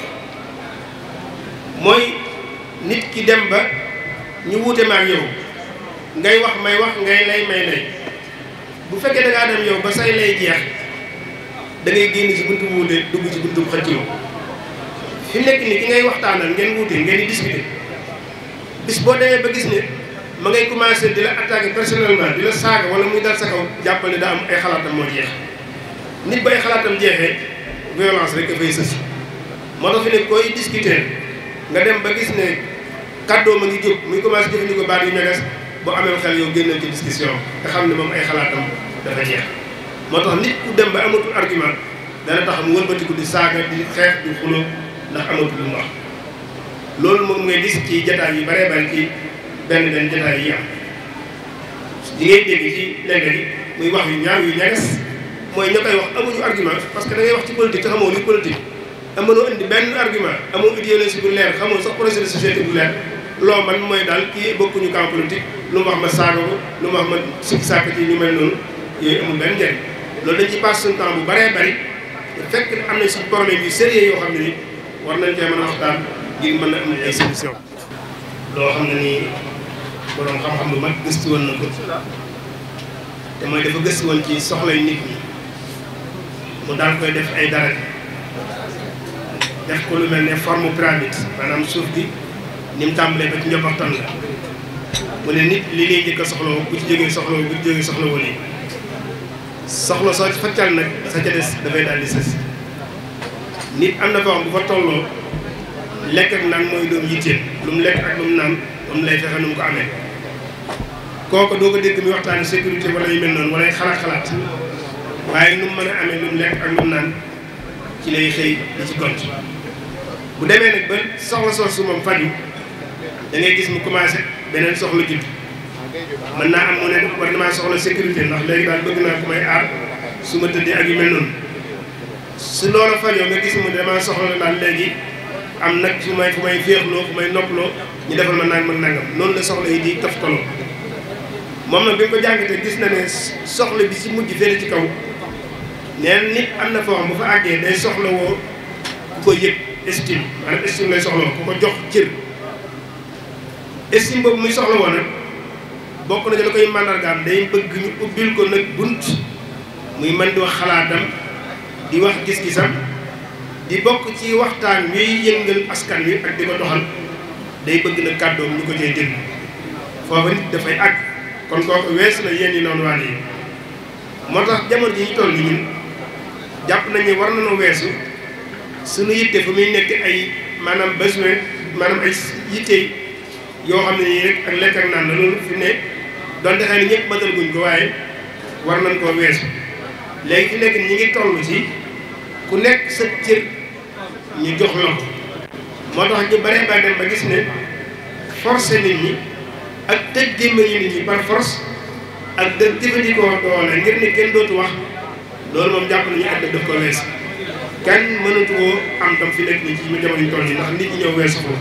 mooy nit ki dem ba ñu wuute ma yow ngay wax may wax ngay lay may lay bu fekkee da ngaa dem yow ba say lay jeex da ngay génn ci buntu bu wuute dugg ci buntu bu xëccoo fi nekk ni ki ngay waxtaanal ngeen wuute ngeen di discuter bis boo demee ba gis ne ma ngay commencer di la attaquer personnellement di la saaga wala muy dal sa kaw jàppale daa am ay xalaatam moo jeex nit bay xalaatam jeexee violence rek dafay sës. moo tax fi ne koy discuter nga dem ba gis ne kàddoo ma ngi jóg muy commencé jëfandikoo baat yu ñeges boo amee xel yow génnal ci discussion te xam ne moom ay xalaatam dafa jeex moo tax nit ku dem ba amatul argument dana tax mu wëlbatiku di saaga di xeex di xuloo ndax amatul lu mu wax loolu moom ngay dis ci jataay yi baree bari ci benn benn jataay yi am di ngay dégg ci léeg-léeg muy wax yu ñaaw yu ñeges mooy ña koy wax amuñu argument parce que da amoon indi benn argument amoo idéologie bu leer xamoo sax projet de société bu leer loo man mooy daal kii bokkuñu camp politique lu ma saaga ko lu mu wax ma sikki sàkk ci ñu mel noonu yooyu amul benn njëriñ loolu dañ ci passe suñu bu bëree bëri fekk am na si problème yu sérieux yoo xam ne ni war nañ cee mën a waxtaan ngir mën a am ay solution loo xam ne nii borom xam-xam bu mag ci woon na la te mooy dafa gëstu woon ci soxlay nit ñi mu daal koy def ay dara def ko lu mel ne forme pyramide maanaam suuf bi ni tàmbalee ba ci njabootam la mu ne nit li ngay njëkk a soxla woo bu ci jógee soxla woo bu ci soxla woo lii soxla soo ci faccal nag dafay daal di sës nit am na ko xam bu fa tolloo lekk ak naan mooy doom yitteem lu lekk ak lu mu naan moom lay fexe nu mu ko amee kooku doo ko dégg muy waxtaane sécurité wala yu mel noonu wala xalaat xalaat waaye nu mu mën a amee lu mu lekk ak lu naan ci lay xëy di ci gont bu demee nag ba soxla soosu moom faju da ngay gis mu commencé beneen soxla judd mën naa am mu ne war na sécurité ndax léegi daal bëgg naa ku may aar su ma tëddee ak yu mel noonu su loolu fajoo nga gis mu ne damaa soxla daal léegi am nag fu may fu may féexloo fu may noppaloo ñu defal ma naan ma nangam loolu la soxla yi di taf toloo moom nag bi nga ko jàngatee gis na ne soxla bi si mujj fële ci kaw neen nit am na foo xam bu fa àggee day soxla woo ku ko yëg estime maanaam estime lay soxla ku ko jox cër estime boobu muy soxla woo nag bokk na ci la koy màndargaam day bëgg ñu ubbil ko nag bunt muy mën di wax xalaatam di wax gis-gisam di bokk ci waxtaan yuy yëngal askan wi ak di ko doxal day bëgg na kàddoom ñu ko cee dégg foofa nit dafay àgg kon kooku weesu na yéen yi noonu waane yi moo tax jamono ji ñu toll nii ñun jàpp nañu war nañoo weesu suñu yitte fu muy nekk ay maanaam besoin maanaam ay yitte yoo xam ne nii rek ak lekk naan la fi ne donte xëy na ñëpp bëtal guñ ko waaye war nañ koo weesu léegi fi nekk ñi ngi toll ci ku nekk sa cër ñu jox la ko moo tax ñu bare ba dem ba gis ne forcé nit ñi ak tëj gémmiñ nit ñi par force ak dëgg jëfandikoo doole ngir ne kenn dootu wax loolu moom jàpp nañu àdduna daf ko wees kenn mënatu koo am tam fi nekk ni ci mu jamono toll yi ndax nit ñëw weesu ko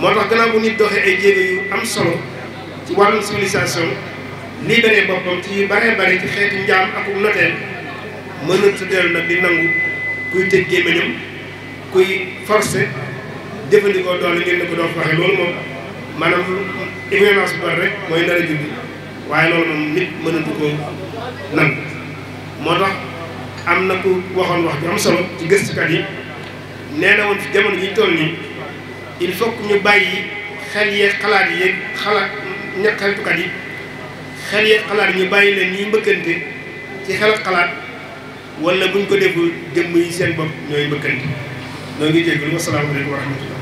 moo tax gannaaw bu nit doxee ay jéego yu am solo ci wàllum civilisation libéré boppam ci baree bare ci xeetu njaam ak noteel mën a tuddeel nag di nangu kuy tëj gémmiñam kuy forcé jëfandikoo doole ngeen ne ko doon waxee loolu moom maanaam émergence bu bari rek mooy nar jubbi waaye loolu moom nit mënatu koo nangu moo tax am na ku waxoon wax ju am solo ci gëstukat yi nee na woon ci jamono ji ñu toll nii il faut ñu bàyyi xel yeeg xalaat yeeg xalaat ña xeltukat yi xel yeeg xalaat ñu bàyyi leen ñuy mbëkkante ci xel xalaat wala buñ ko deful jëmm yi seen bopp ñooy mbëkkante noo ngi jégalu wasalaamaaleykum wa rahmatullah.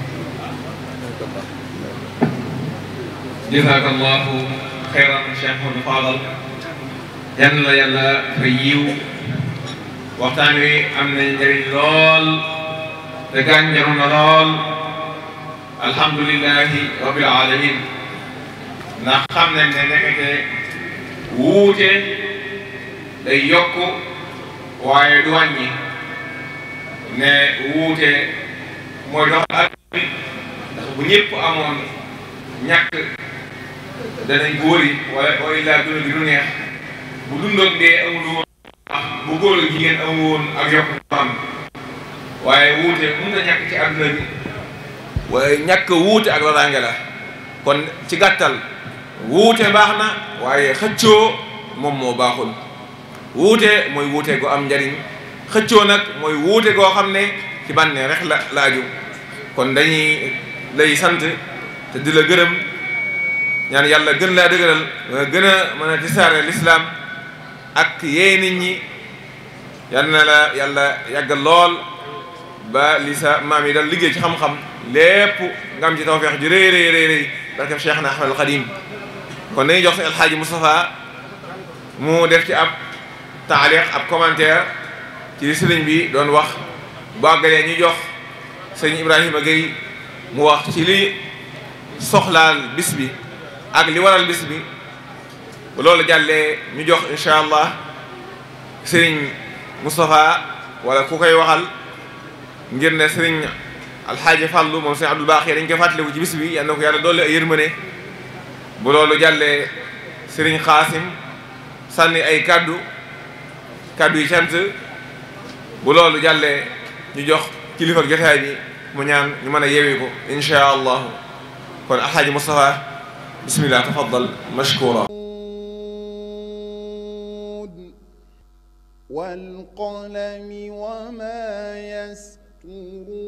jazakallahu xayran cheikh Fadal yan la yàlla waxtaan wi am na njëriñ lool te gànjaru na lool alhamdulilahi rabbil alamin ndax xam nañ ne nekkete wuute day yokk waaye du wàññi ne wuute mooy dox ak ndax bu amoon ñàkk danañ góori wala wala illaa dund du neex bu dundoon dee amul bu góor ak jigéen amul woon am waaye wuute mun na ñàkk ci àdduna bi waaye ñàkk wuute ak raraange la kon ci gàttal wuute baax na waaye xëccoo moom moo baaxul wuute mooy wuute gu am njariñ xëccoo nag mooy wuute goo xam ne ci bànnee rek la laaju kon dañuy lay sant te di la gërëm ñaan yàlla gën laa dëgëral gën a mën a tisaare lislaam ak yee nit ñi yal na la yàlla yàgg lool ba li sa maam yi dal liggéey ci xam-xam lépp nga am ci tawfeex ju rëy rëy rëy rëy barkeb na Ahmad al Xadim kon dañuy jox sa alxaaji Moustapha mu def ci ab taaliq ab commentaire ci sëriñ bi doon wax bu àggalee ñu jox sëñ Ibrahima Gueye mu wax ci li soxla bis bi ak li waral bis bi bu loolu jàllee ñu jox incha allah sëriñ Moustapha wala ku koy waxal ngir ne sëriñ alxaaji Fàllu moom sëriñ Abdul Baaxi dañ ko fàttaliku ci bis bi yal na ko yàlla dolli ay yërmande bu loolu jàllee sëriñ ay kàddu kàddu yi cant bu loolu jàllee ñu jox kilifa jotaay bi mu ñaan ñu mën a yeewee ko incha allah kon bismillah tafaddal mashkura والقلم وما يسطرون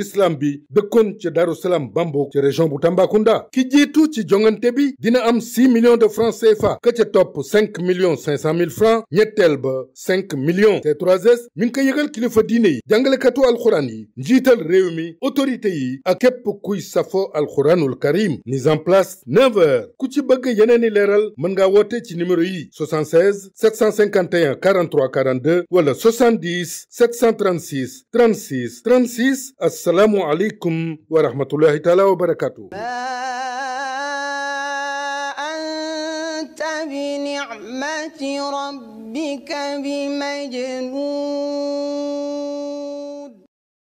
l'islam bi dëkkoon ci Daaru Salaam Bambok ca région bu Tambacounda ki jiitu ci jongante bi dina am 6 million de francs CFA ka ca topp 5 millions 500 mille francs ñetteel ba 5 millions c 3 mi ngi ko yëgal kilifa diine yi jàngalekatu alxuraan yi njiital réew mi autorité yi ak képp kuy safo alxuraanul karim mise en place 9 ku ci bëgg yeneen i leeral mën ngaa woote ci numéro yi 76 751 43 42 wala 70 736 36 36 assalaamu aleykum wa rahmatullahi taala wa barakaatu. bi ni'mati rabbika bi majnun